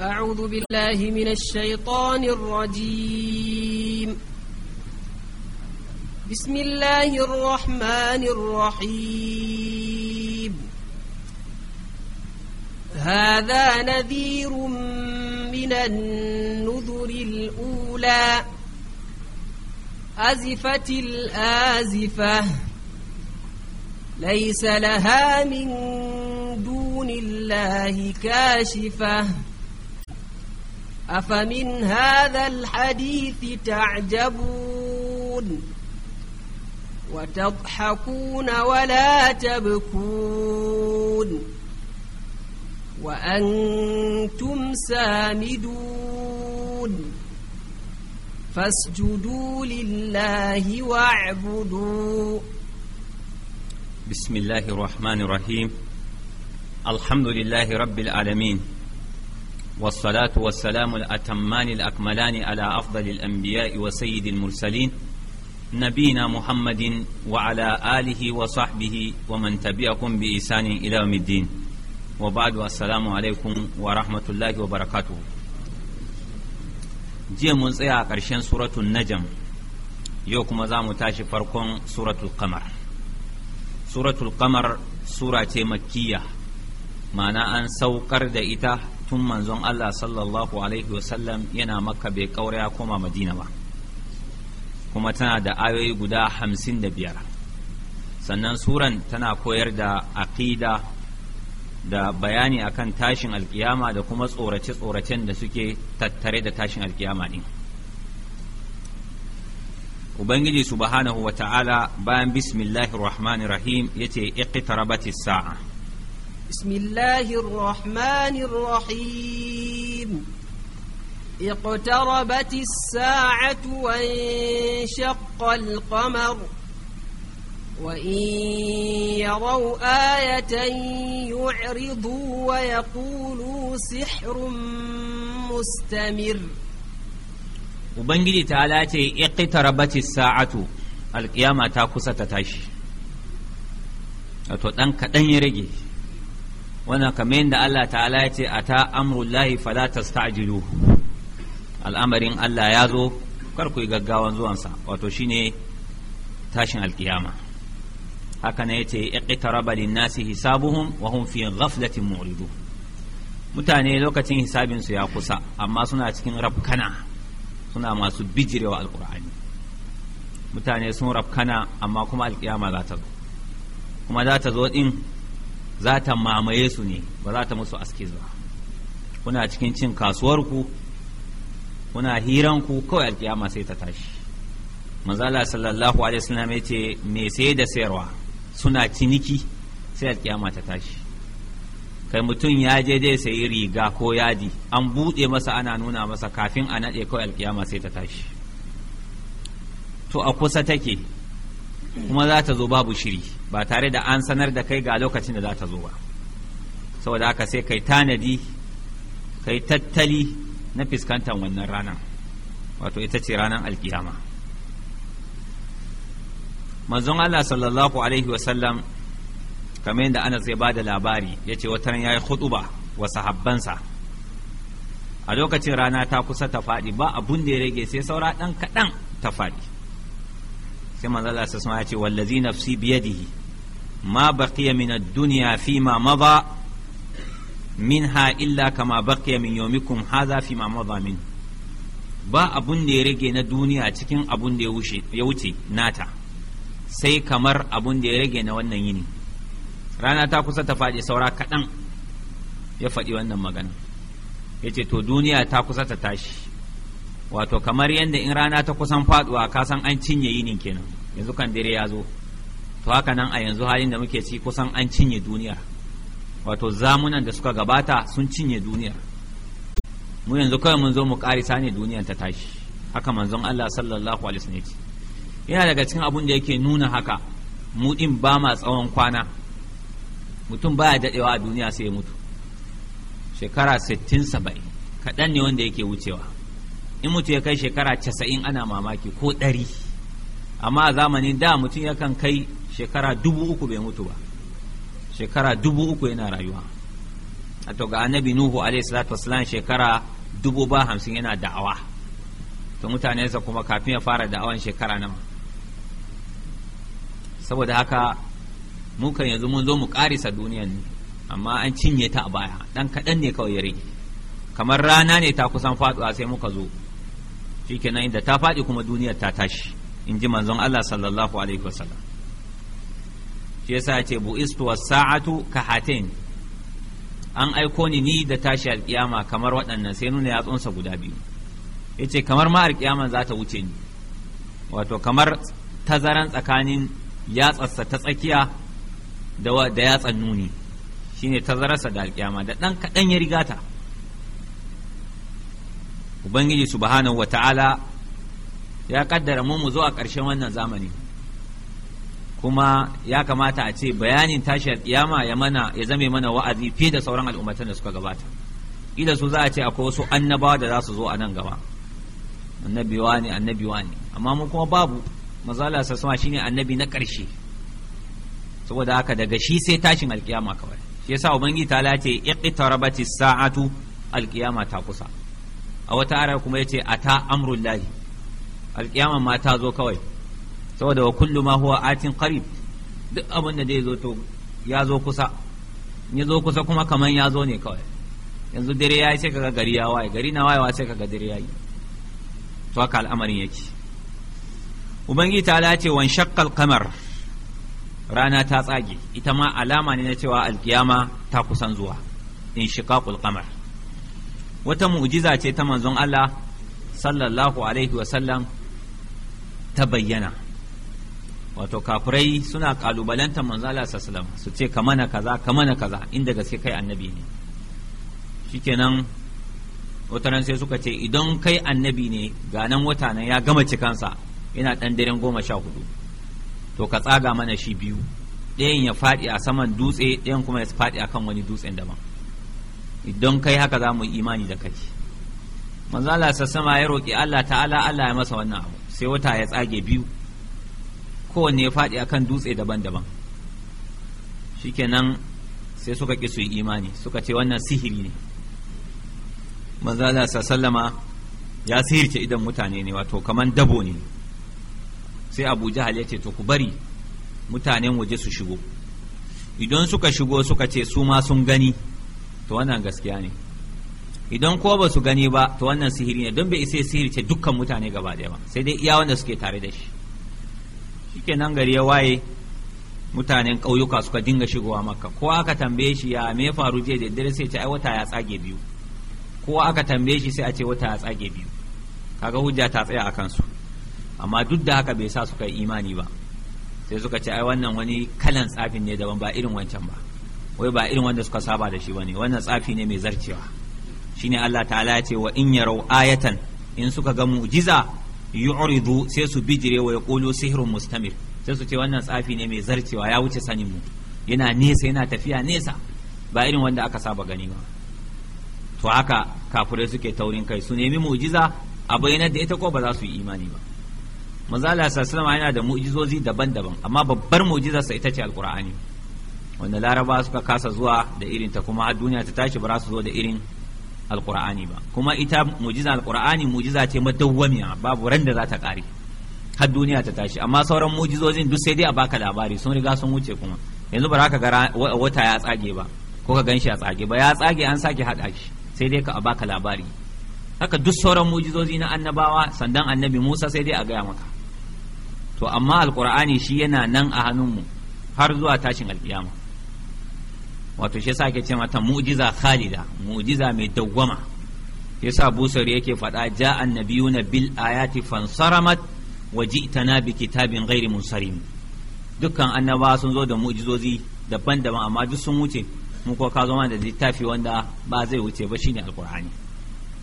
أعوذ بالله من الشيطان الرجيم بسم الله الرحمن الرحيم هذا نذير من النذر الأولى أزفت الآزفة ليس لها من دون الله كاشفة أفمن هذا الحديث تعجبون وتضحكون ولا تبكون وأنتم سامدون فاسجدوا لله واعبدوا بسم الله الرحمن الرحيم الحمد لله رب العالمين والصلاة والسلام الأتمان الأكملان على أفضل الأنبياء وسيد المرسلين نبينا محمد وعلى آله وصحبه ومن تبعكم بإحسان إلى يوم الدين وبعد السلام عليكم ورحمة الله وبركاته jiya mun tsaya a ƙarshen suratul najam yau kuma za mu tashi farkon suratul kamar suratul kamar sura ce makkiya ma'ana an saukar da ita tun manzon Allah sallallahu alaihi wasallam yana maka bai kaura ya koma madina ba kuma tana da ayoyi guda hamsin da biyar sannan suran tana koyar da aqida da bayani akan tashin alkiyama da kuma tsorace-tsoracen da suke tattare da tashin alkiyama din ubangiji subhanahu wa ta'ala bayan bismillahir rahmanir rahim yace batis sa'a بسم الله الرحمن الرحيم اقتربت الساعة وانشق القمر وإن يروا آية يعرضوا ويقولوا سحر مستمر Ubangiji ta اقتربت الساعة sa'atu alƙiyama ta kusa ta tashi wato ɗan kaɗan ya rage wannan kamar yadda Allah ta'ala ya ce ata amrullahi fala tastajilu al'amarin Allah ya zo kar ku yi gaggawan zuwansa wato shine tashin alkiyama haka ne yace iqtaraba lin-nasi hisabuhum wa hum fi ghaflatin mu'ridu mutane lokacin hisabin su ya kusa amma suna cikin rafkana suna masu bijirewa alqur'ani mutane sun rafkana amma kuma alkiyama za ta zo kuma za ta zo din za ta mamaye su ne ba za ta musu askiz ba kuna cikin cin kasuwar ku kuna hiranku kawai alkiyama sai ta tashi manzala sallallahu alaihi wasallam ya ce me sai da sayarwa suna ciniki sai alkiyama ta tashi kai mutum ya je dai sayi riga ko yadi an buɗe masa ana nuna masa kafin a naɗe kawai alkiyama sai ta tashi to a kusa take kuma za ta zo babu shiri ba tare da an sanar da kai ga lokacin da za ta zo ba saboda haka sai kai tanadi kai tattali na fuskantar wannan ranar wato ita ce ranar alkiyama manzon Allah sallallahu alaihi wasallam kamar yadda Anas ya da labari ya ce wata ya yi ba wa sahabbansa a lokacin rana ta kusa ta faɗi ba abun da ya rage sai saura ɗan kaɗan ta faɗi sai manzon Allah sallallahu alaihi wasallam ya ce wallazi nafsi biyadihi ما بقي من الدنيا فيما مضى منها إلا كما بقي من يومكم هذا فيما مضى منه ba abun da ya rage na duniya cikin abun da ya wuce nata sai kamar abun da ya rage na wannan yini rana ta kusa ta faɗi saura kaɗan ya faɗi wannan magana Yace to duniya ta kusa ta tashi wato kamar yadda in rana ta kusan faduwa ka san an cinye yinin kenan yanzu kan dare ya zo to haka nan a yanzu halin da muke ci kusan an cinye duniyar wato zamunan da suka gabata sun cinye duniyar mu yanzu kawai mun zo mu karisa ne duniyar ta tashi haka manzon Allah sallallahu alaihi wasallam yana daga cikin abun da yake nuna haka mu din ba ma tsawon kwana mutum baya dadewa a duniya sai ya mutu shekara 60 70 kaɗan ne wanda yake wucewa in mutu ya kai shekara 90 ana mamaki ko ɗari amma a zamanin da mutum yakan kai shekara dubu uku bai mutu ba shekara dubu uku yana rayuwa a to ga annabi nuhu alayhi salatu wasalam shekara dubu ba hamsin yana da'awa to mutanensa kuma kafin ya fara da'awan shekara nan saboda haka mukan yanzu mun zo mu karisa duniyan ne amma an cinye ta a baya dan kaɗan ne kawai ya kamar rana ne ta kusan faɗuwa sai muka zo shikenan inda ta faɗi kuma duniyar ta tashi in ji manzon Allah sallallahu alaihi wasallam shi yasa ce bu'istu was-sa'atu kahaten an aiko ni ni da tashi alkiyama kamar waɗannan sai nuna yatsunsa guda biyu ce kamar ma alƙiyaman za ta wuce ni wato kamar tazaran tsakanin yatsarsa ta tsakiya da yatsan nuni shine tazararsa da alkiyama da ɗan kaɗan ya rigata ubangiji subhanahu wata'ala ya kaddara mu mu zo a ƙarshen wannan zamani kuma ya kamata a ce bayanin tashi kiyama ya mana ya zame mana wa'azi fiye da sauran al'ummatan da suka gabata idan su za a ce akwai wasu annabawa da za su zo a nan gaba annabiwa ne annabiwa ne amma mun kuma babu mazala sassama shine annabi na ƙarshe saboda haka daga shi sai tashin alkiyama kawai shi yasa ubangiji ta lace iqtarabati sa'atu alkiyama ta kusa a wata ara kuma yace ata amrullahi alkiyama ma ta zo kawai saboda wa kullu ma huwa atin qarib duk abin da zai zo to ya zo kusa ya zo kusa kuma kaman ya zo ne kawai yanzu dare ya sai kaga gari ya waye gari na wayewa sai kaga dare ya yi to haka al'amarin yake ubangiji ta ce wan shaqqal qamar rana ta tsage ita ma alama ne na cewa alkiyama ta kusan zuwa in shiqaqul qamar wata mu'jiza ce ta manzon Allah sallallahu alaihi wa sallam ta bayyana wato kafirai suna kalubalantar manzo Allah sallallahu alaihi su ce ka mana kaza ka mana kaza inda gaske kai annabi ne shikenan wataran sai suka ce idan kai annabi ne ga nan wata nan ya gama cikansa yana ɗan daren goma sha hudu to ka tsaga mana shi biyu ɗayan ya faɗi a saman dutse ɗayan kuma ya faɗi akan kan wani dutsen daban idan kai haka za mu imani da kai manzo Allah sassama ya roƙi Allah ta'ala Allah ya masa wannan abu sai wata ya tsage biyu kowanne ya faɗi a kan dutse daban-daban shi kenan sai suka ƙi su yi imani suka ce wannan sihiri ne manzala sallama ya sihirce idan mutane ne wato kaman dabo ne sai abu jihar ya ce to ku bari mutanen waje su shigo idan suka shigo suka ce su ma sun gani to wannan gaskiya ne idan ko ba su gani ba to wannan sihiri ne don bai isa sihirce dukkan mutane gaba ɗaya ba sai dai iya wanda suke tare da shi nan gari ya waye mutanen ƙauyuka suka dinga shigowa maka, ko aka tambaye shi ya me faru jiya da dare sai ce ai wata ya tsage biyu ko aka tambaye shi sai a ce wata ya tsage biyu kaga hujja ta tsaya a kansu amma duk da haka bai sa suka yi imani ba sai suka ce ai wannan wani kalan tsafin ne daban ba irin wancan ba wai ba irin wanda suka saba da shi bane wannan tsafi ne mai zarcewa shine Allah ta'ala ya ce wa in yarau ayatan in suka ga mu'jiza yu'ridu sai su bijire wa yaqulu sihrun mustamir sai su ce wannan tsafi ne mai zarcewa ya wuce sanin mu yana nesa yana tafiya nesa ba irin wanda aka saba gani ba to haka kafirai suke taurin kai su nemi mu'jiza a bayyana da ita ko ba za su yi imani ba manzala sallama yana da mu'jizozi daban-daban amma babbar mu'jizar sa ita ce alqur'ani wanda laraba suka kasa zuwa da irin ta kuma duniya ta tashi ba za su zo da irin alqur'ani ba kuma ita mujiza alqur'ani mujiza ce madawwamiya babu ran da za ta kare har duniya ta tashi amma sauran mujizozin duk sai dai a baka labari sun riga sun wuce kuma yanzu ba za ka ga wata ya tsage ba ko ka ganshi ya tsage ba ya tsage an sake haɗa shi sai dai ka a baka labari haka duk sauran mujizozi na annabawa sandan annabi Musa sai dai a gaya maka to amma alqur'ani shi yana nan a hannunmu har zuwa tashin alkiyama wato shi yasa ake ce mata mu'jiza khalida mu'jiza mai dawwama yasa busar yake faɗa ja annabiyuna bil ayati fansaramat wa ji'tana bi kitabin ghairi munsarim dukkan annaba sun zo da mu'jizozi daban-daban amma duk sun wuce mu ko ka zo da littafi wanda ba zai wuce ba shine alqur'ani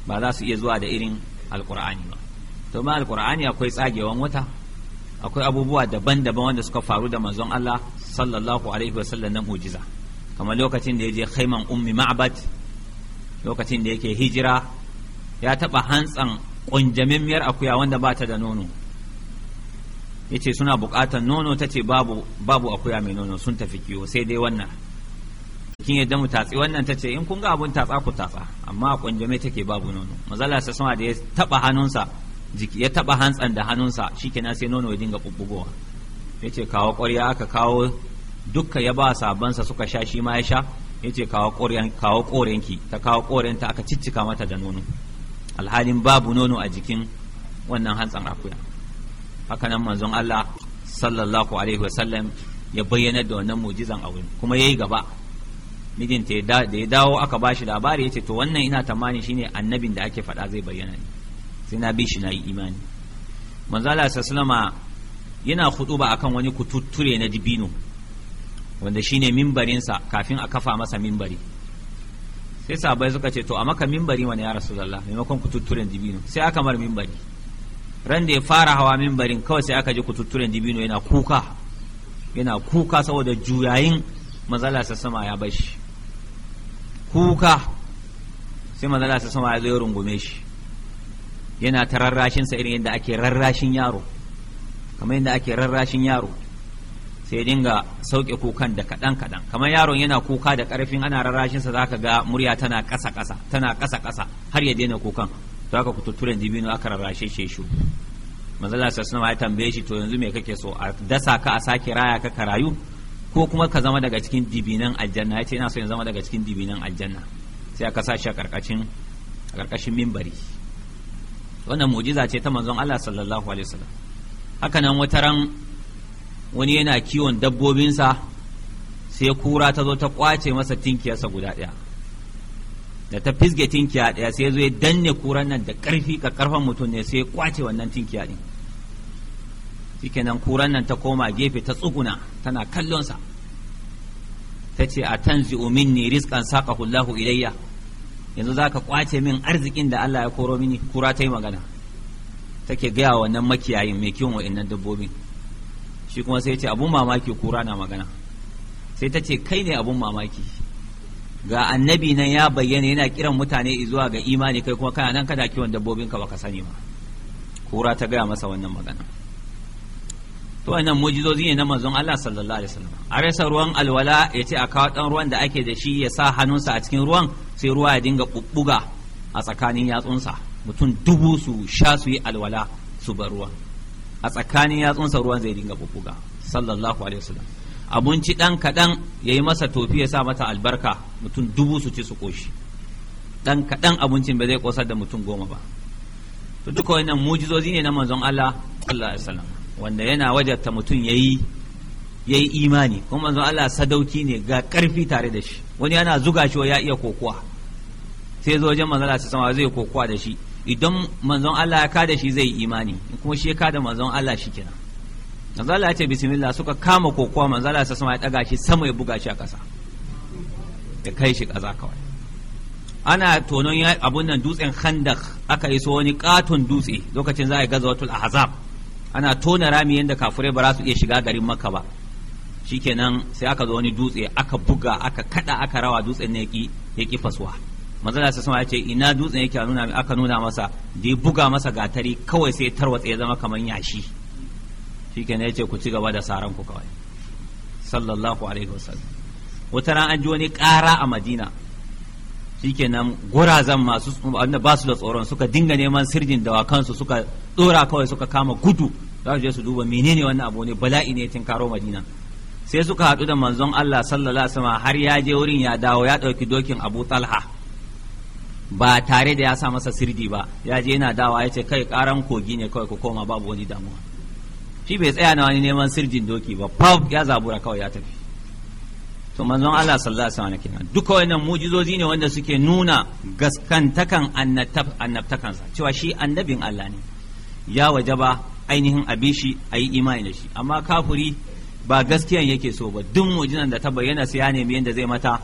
ba za su iya zuwa da irin alqur'ani ba to ma alqur'ani akwai tsagewan wata akwai abubuwa daban-daban wanda suka faru da manzon Allah sallallahu alaihi wasallam na mu'jiza kamar lokacin da ya je khaiman ummi ma'bad lokacin da yake hijira ya taɓa hantsan ƙunjamimmiyar akuya wanda ba ta da nono ya ce suna buƙatar nono ta ce babu, babu akuya mai nono sun tafi kiwo sai dai wannan kin yadda mu tatsi wannan ta ce in kun ga abun tatsa ku tatsa amma ƙunjame take babu nono mazala sa sama da ya taba hannunsa jiki ya taɓa hantsan da hannunsa shikenan sai nono ya dinga bubbugowa ya ce kawo ƙwarya aka kawo dukka ya ba sabansa suka sha shi ma ya sha ya ce kawo korenki ta kawo korenta aka ciccika mata da nono alhalin babu nono a jikin wannan hantsan akuya hakanan manzon Allah sallallahu alaihi wasallam ya bayyana da wannan mujizan a Kuma kuma yayi gaba mijinta da ya dawo aka ba shi labari yace to wannan ina tamani shine annabin da ake faɗa zai bayyana ne sai na bi shi na yi imani manzala sallama yana khutuba akan wani kututture na dibino wanda shi ne mimbarinsa kafin a kafa masa mimbari sai sabai suka ce to a maka mimbari wani ya rasu zalla maimakon kututturen dibino sai aka mar mimbari ran da ya fara hawa mimbarin kawai sai aka ji kututturen dibino yana kuka yana kuka saboda juyayin mazala sa sama ya bashi kuka sai mazala sama ya zo ya rungume shi yana ta rarrashinsa irin yadda ake rarrashin yaro kamar yadda ake rarrashin yaro sai dinga sauke kukan da kaɗan kaɗan kamar yaron yana kuka da ƙarfin ana rarrashin sa zaka ga murya tana ƙasa ƙasa tana ƙasa ƙasa har ya daina kukan to haka ku tutturen dibino aka rarrashe shi shu manzala sallallahu ya tambaye shi to yanzu me kake so a dasa ka a sake raya ka ka rayu ko kuma ka zama daga cikin dibinan aljanna ya ce ina so in zama daga cikin dibinan aljanna sai aka sa a ƙarƙashin a ƙarƙashin minbari wannan mu'jiza ce ta manzon Allah sallallahu alaihi wasallam haka nan wataran. ran wani yana kiwon dabbobinsa sai kura ta zo ta kwace masa tinkiyarsa guda ɗaya da ta fisge tinkiya ɗaya sai zo ya danne kuran nan da ƙarfi ka ƙarfan mutum ne sai ya kwace wannan tinkiya ɗin nan kuran nan ta koma gefe ta tsuguna tana kallonsa ta ce a tanzi minni riskan saƙa hulahu ilayya yanzu za ka kwace min arzikin da Allah ya koro mini kura ta yi magana take gaya wannan makiyayin mai kiwon wa'annan dabbobin shi kuma sai ya ce abun mamaki kura na magana sai ta ce kai ne abun mamaki ga annabi nan ya bayyana yana kiran mutane zuwa ga imani kai kuma kana nan kana kiwon dabbobinka baka sani ba kura ta gaya masa wannan magana to wannan mujizozi ne na manzon Allah sallallahu alaihi wasallam a rasa ruwan alwala ya ce a kawo dan ruwan da ake da shi ya sa hannunsa a cikin ruwan sai ruwa ya dinga bubbuga a tsakanin yatsunsa mutum dubu su sha su yi alwala su bar ruwan a tsakanin yatsunsa ruwan zai dinga bubbuga sallallahu alaihi wasallam abinci dan kadan yayi masa tofi ya sa mata albarka mutum dubu su ci su koshi dan kadan abincin ba zai kosar da mutum goma ba to duka wannan mujizozi ne na manzon Allah sallallahu alaihi wasallam wanda yana wajarta mutum yayi yayi imani kuma manzon Allah sadauki ne ga karfi tare da shi wani yana zuga shi ya iya kokuwa sai zo wajen manzon Allah sai zai kokuwa da shi idan manzon Allah ya kada shi zai imani kuma shi ya kada manzon Allah shi kenan manzon Allah ya ce bismillah suka kama kokowa manzon Allah sama ya daga shi sama ya buga shi a kasa. ya kai shi kaza kawai ana tonon abun nan dutsen khandak aka yi so wani katon dutse lokacin za a yi gazawatul ahzab ana tona rami yadda kafurai ba za su iya shiga garin maka ba shikenan sai aka zo wani dutse aka buga aka kada aka rawa dutsen ne ya ki fasuwa manzala sai sama ya ce ina dutsen yake nuna aka nuna masa da buga masa gatari kawai sai tarwatsa ya zama kamar yashi shikenan ya ce ku ci gaba da saran ku kawai sallallahu alaihi wasallam wata ran an ji wani ƙara a madina shikenan gurazan masu wanda ba su da tsoron suka dinga neman sirjin dawakansu suka dora kawai suka kama gudu za su je su duba menene wannan abu ne bala'i ne tun karo madina sai suka haɗu da manzon Allah sallallahu alaihi wasallam har ya je wurin ya dawo ya ɗauki dokin Abu Talha ba tare da ya sa masa sirdi ba ya je yana dawa ya ce kai karan kogi ne kawai ku koma babu wani damuwa shi bai tsaya na wani neman sirjin doki ba paf ya zabura kawai ya tafi to manzon Allah sallallahu alaihi wasallam kenan duka wannan mujizozi ne wanda suke nuna gaskantakan annabtakan sa cewa shi annabin Allah ne ya waje ba ainihin abin abishi ayi imani da shi amma kafuri ba gaskiyan yake so ba duk mujizan da ta bayyana sai ya nemi yanda zai mata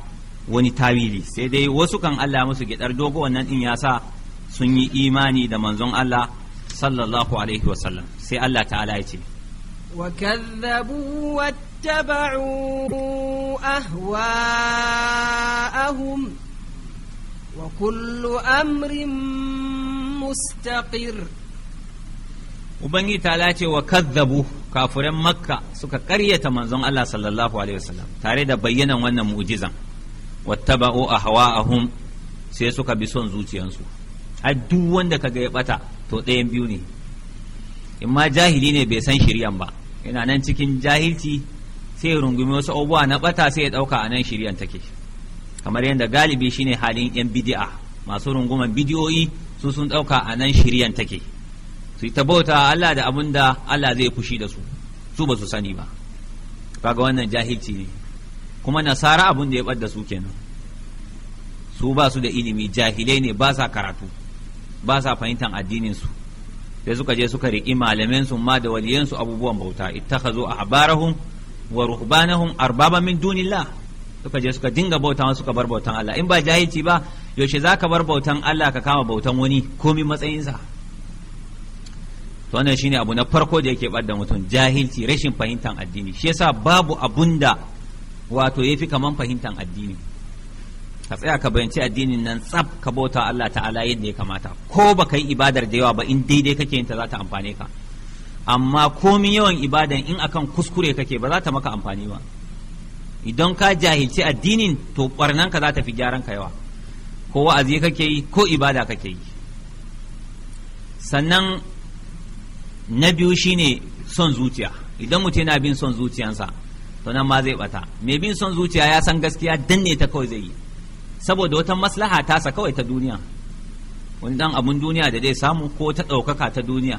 wani tawili sai dai wasu kan Allah musu gidar dogo wannan din ya sa sun yi imani da manzon Allah sallallahu alaihi wasallam sai Allah ta'ala ya ce Wa وكذبوا واتبعوا wa وكل amrin mustaqir. Ubangiji ta lace wa kazzabu kafuran Makka suka karyata manzon Allah sallallahu Alaihi wasallam tare da bayyanan wannan mu'jizan wattaba'u ahwa'ahum sai suka bi son zuciyansu a duk wanda kaga ya bata to ɗayan biyu ne in ma jahili ne bai san shiryan ba yana nan cikin jahilci sai ya rungumi wasu abubuwa na bata sai ya ɗauka a nan take kamar yadda galibi shine halin yan bidi'a masu runguman bidiyoyi su sun ɗauka a nan shiryan take su ta bauta Allah da abin da Allah zai fushi da su su ba su sani ba kaga wannan jahilci ne kuma nasara abun da ya ɓadda su kenan su ba su da ilimi jahilai ne ba sa karatu ba sa fahimtar addininsu sai suka je suka riƙi malamansu ma da waliyansu abubuwan bauta ittakhazu ahbarahum wa ruhbanahum arbaba min dunillah suka je suka dinga bauta suka bar bautan Allah in ba jahilci ba yaushe zaka bar bautan Allah ka kama bautan wani komi matsayinsa to wannan shine abu na farko da yake bada mutum jahilci rashin fahimtar addini shi yasa babu abunda wato ya fi kaman fahimtar addini ka tsaya ka bayanci addinin nan tsab ka bauta Allah ta'ala yadda ya kamata ko ba ka yi ibadar da yawa ba in daidai kake yin ta za ta amfane ka amma komin yawan ibadan in akan kuskure kake ba za ta maka amfani ba idan ka jahilci addinin to barnan ka za ta fi gyaran ka yawa ko wa'azi kake yi ko ibada kake yi sannan na biyu shine son zuciya idan mutum yana bin son zuciyansa to nan ma zai bata mai bin son zuciya ya san gaskiya danne ta kawai zai yi saboda wata maslaha ta sa kawai ta duniya wani dan abun duniya da zai samu ko ta ɗaukaka ta duniya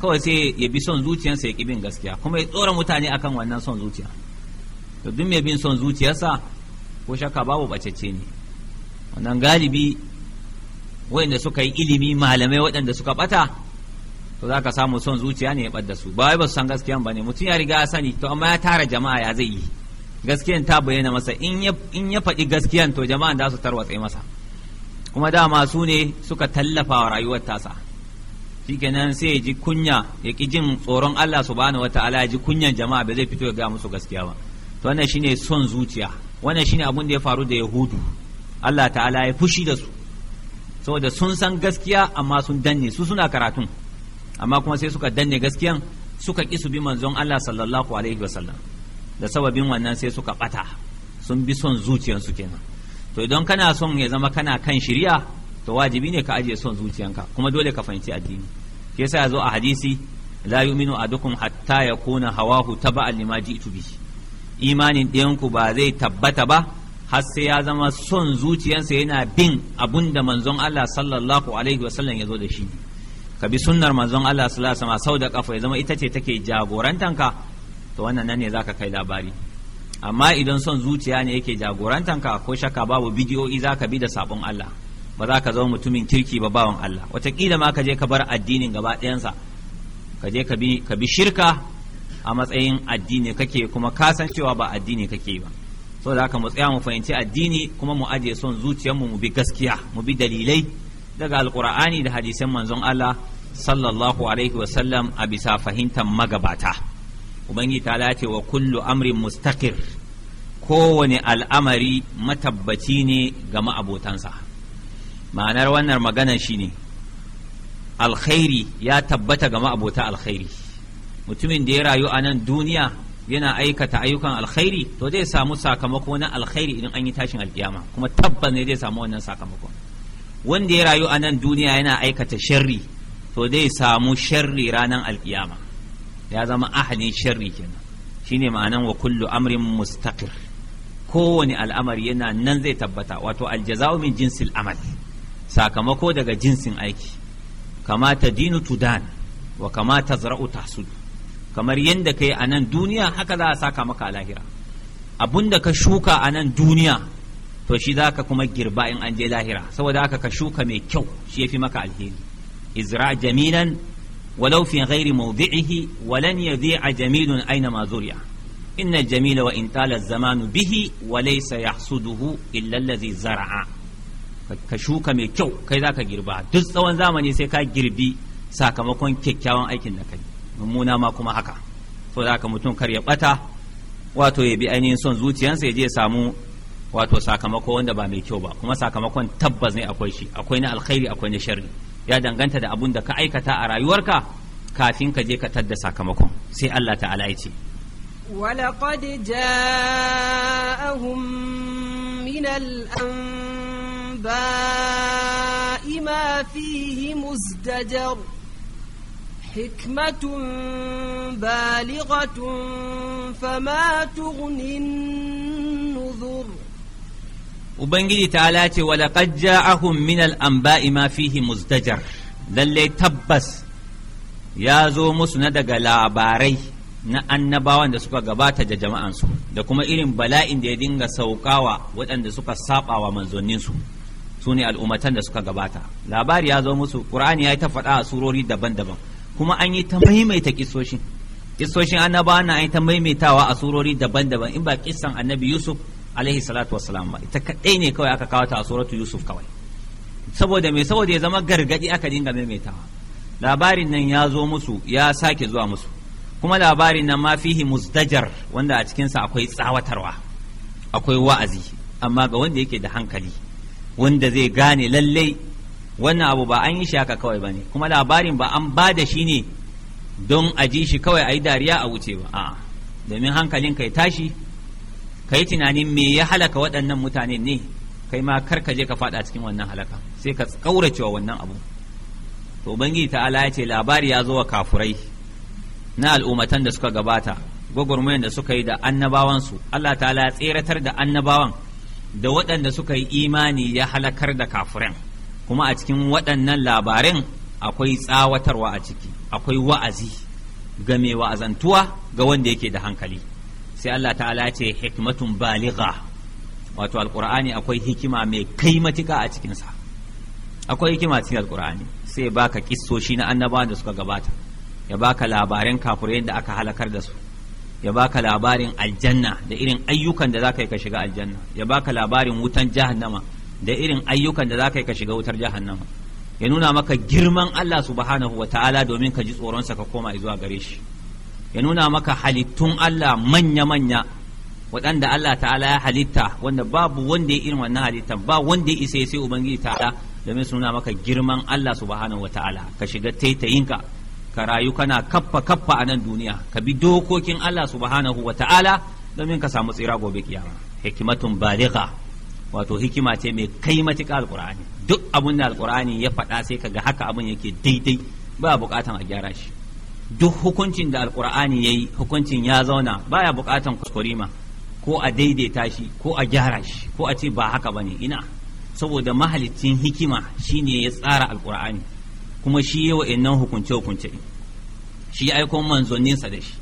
kawai sai ya bi son zuciyarsa ya bin gaskiya kuma ya tsora mutane akan wannan son zuciya to duk mai bin son zuciyarsa ko shakka babu bacece ne wannan galibi wayanda suka yi ilimi malamai waɗanda suka ɓata to za ka samu son zuciya ne ya ɓadda su ba wai ba su san gaskiyan ba ne mutum ya riga ya sani to amma ya tara jama'a ya zai yi gaskiyan ta bayyana masa in ya faɗi gaskiyan to jama'an za su tarwatsa masa kuma dama su ne suka tallafa wa rayuwar tasa shikenan sai ya ji kunya ya ki jin tsoron Allah subhanahu wataala ya ji kunyan jama'a ba zai fito ya ga musu gaskiya ba to wannan shine son zuciya wannan shine abun da ya faru da yahudu Allah ta'ala ya fushi da su saboda sun san gaskiya amma sun danne su suna karatun amma kuma sai suka danne gaskiyan suka ƙi su bi manzon Allah sallallahu alaihi wasallam da sababin wannan sai suka ɓata sun bi son zuciyansu kenan to idan kana son ya zama kana kan shiriya to wajibi ne ka ajiye son zuciyanka kuma dole ka fahimci addini ke sa ya zo a hadisi la yu'minu adukum hatta yakuna hawahu taba'a lima ji'tu bi imanin ɗayanku ba zai tabbata ba har sai ya zama son zuciyarsa yana bin abun da manzon Allah sallallahu alaihi wasallam ya zo da shi ka bi sunnar manzon Allah sallallahu alaihi wasallam sau da kafa ya zama ita ce take jagorantanka to wannan nan ne zaka kai labari amma idan son zuciya ne yake ka ko shaka babu bidiyoyi zaka bi da sabon Allah ba za ka zama mutumin kirki ba bawan Allah wataƙila ma ka je ka bar addinin gaba ɗayansa ka je ka bi shirka a matsayin addini kake kuma ka san cewa ba addini kake ba so da haka mu tsaya mu fahimci addini kuma mu ajiye son zuciyarmu mu bi gaskiya mu bi dalilai daga alkur'ani da hadisan manzon Allah sallallahu alaihi wasallam a bisa fahimtar magabata ubangi ta ce wa kullu amrin mustaqir kowane al'amari matabbaci ne ga ma'abotansa ma'anar wannan shi shine alkhairi ya tabbata ga ma'abota alkhairi mutumin da ya rayu a nan duniya yana aikata ayyukan alkhairi to zai samu sakamako na alkhairi idan an yi tashin alkiyama kuma tabbas ne zai samu wannan sakamakon wanda ya rayu a nan duniya yana aikata sharri to dai samu sharri ranar alkiyama ya zama ahalin sharri kenan shine ma'anan wa kullu amrin mustaqir kowane al'amari yana nan zai tabbata wato aljaza'u min jinsil amal sakamako daga jinsin aiki ta dinu tudan wa ta zara'u tahsud kamar yadda kai a nan duniya haka za a saka maka lahira da ka shuka a nan duniya to shi za ka kuma girba in an je lahira saboda haka ka shuka mai kyau shi ya fi maka alheri izra jamilan walau fi ghairi mawdi'ihi walan yadhi'a jamilun aina ma zuriya inna jamila wa in tala zamanu bihi wa laysa yahsuduhu illa allazi zara'a ka shuka mai kyau kai za ka girba duk tsawon zamani sai ka girbi sakamakon kyakkyawan aikin da kai mummuna ma kuma haka saboda haka mutum kar ya bata wato ya bi ainihin son zuciyarsa ya je samu wato sakamako wanda ba mai kyau ba kuma sakamakon tabbas ne akwai shi akwai na alkhairi akwai na sharri ya danganta da abun da ka aikata a rayuwarka kafin ka je ka tadda sakamakon sai Allah ta'ala ya ce ولقد جاءهم من الأنباء ما فيه مزدجر حكمة بالغة فما تغني النذر ubangiji ta ce wa laqad ahun minal al ma fihi muzdajar lallai tabbas ya zo musu na daga labarai na annabawan da suka gabata da jama'ansu da kuma irin bala'in da ya dinga saukawa waɗanda suka saba wa manzanninsu su ne al'ummatan da suka gabata labari ya zo musu ƙur'ani ya yi ta faɗa a surori daban-daban kuma an yi ta maimaita kisoshin kisoshin annabawa na an yi ta maimaitawa a surori daban-daban in ba kisan annabi yusuf alaihi salatu wasalam ba ita kaɗai ne kawai aka kawo ta a suratu yusuf kawai saboda me saboda ya zama gargadi aka dinga maimaitawa labarin nan ya zo musu ya sake zuwa musu kuma labarin nan ma fihi muzdajar wanda a cikinsa akwai tsawatarwa akwai wa'azi amma ga wanda yake da hankali wanda zai gane lallai wannan abu ba an yi shi haka kawai ba ne kuma labarin ba an ba da shi ne don a ji shi kawai a yi dariya a wuce ba a'a domin hankalin kai tashi ka yi tunanin me ya halaka waɗannan mutane ne kai ma kar ka je ka faɗa cikin wannan halaka sai ka kauracewa wannan abu to ta ala ya ce labari ya zo wa kafurai na al'ummatan da suka gabata gwagwarmayan da suka yi da annabawansu Allah ala ya tseratar da annabawan da waɗanda suka yi imani ya halakar da kafuran kuma a cikin waɗannan labarin akwai tsawatarwa a ciki akwai wa'azi ga mai wa'azantuwa ga wanda yake da hankali sai Allah ta'ala ce hikmatun baliga wato alqur'ani akwai hikima mai kai matuka a cikin akwai hikima cikin alqur'ani sai ya baka kissoshi na annabawan da suka gabata ya baka labarin kafirai da aka halakar da su ya baka labarin aljanna da irin ayyukan da zaka yi ka shiga aljanna ya baka labarin wutan jahannama da irin ayyukan da zaka yi ka shiga wutar jahannama ya nuna maka girman Allah subhanahu wa ta'ala domin ka ji tsoronsa ka koma zuwa gare shi ya nuna maka halittun Allah manya-manya waɗanda Allah ta'ala ya halitta wanda babu wanda ya irin wannan halitta ba wanda ya isa ya sai ubangiji ta'ala domin su nuna maka girman Allah subhanahu ka shiga taitayinka ka rayu kana kafa kaffa a nan duniya ka bi dokokin Allah subhanahu wata'ala domin ka samu tsira gobe kiyama hikimatun baligha wato hikima ce mai kai matuƙa alqur'ani duk abin da alqur'ani ya faɗa sai ga haka abin yake daidai ba buƙatan a gyara shi duk hukuncin da alkur'ani ya yi hukuncin ya zauna baya bukatan kuskurima ko a daidaita shi ko a gyara shi ko a ce ba haka ba ne ina saboda mahalicin hikima shi ne ya tsara alkur'ani kuma shi yi wa'annan hukunce hukunce shi ya aiko manzanninsa da shi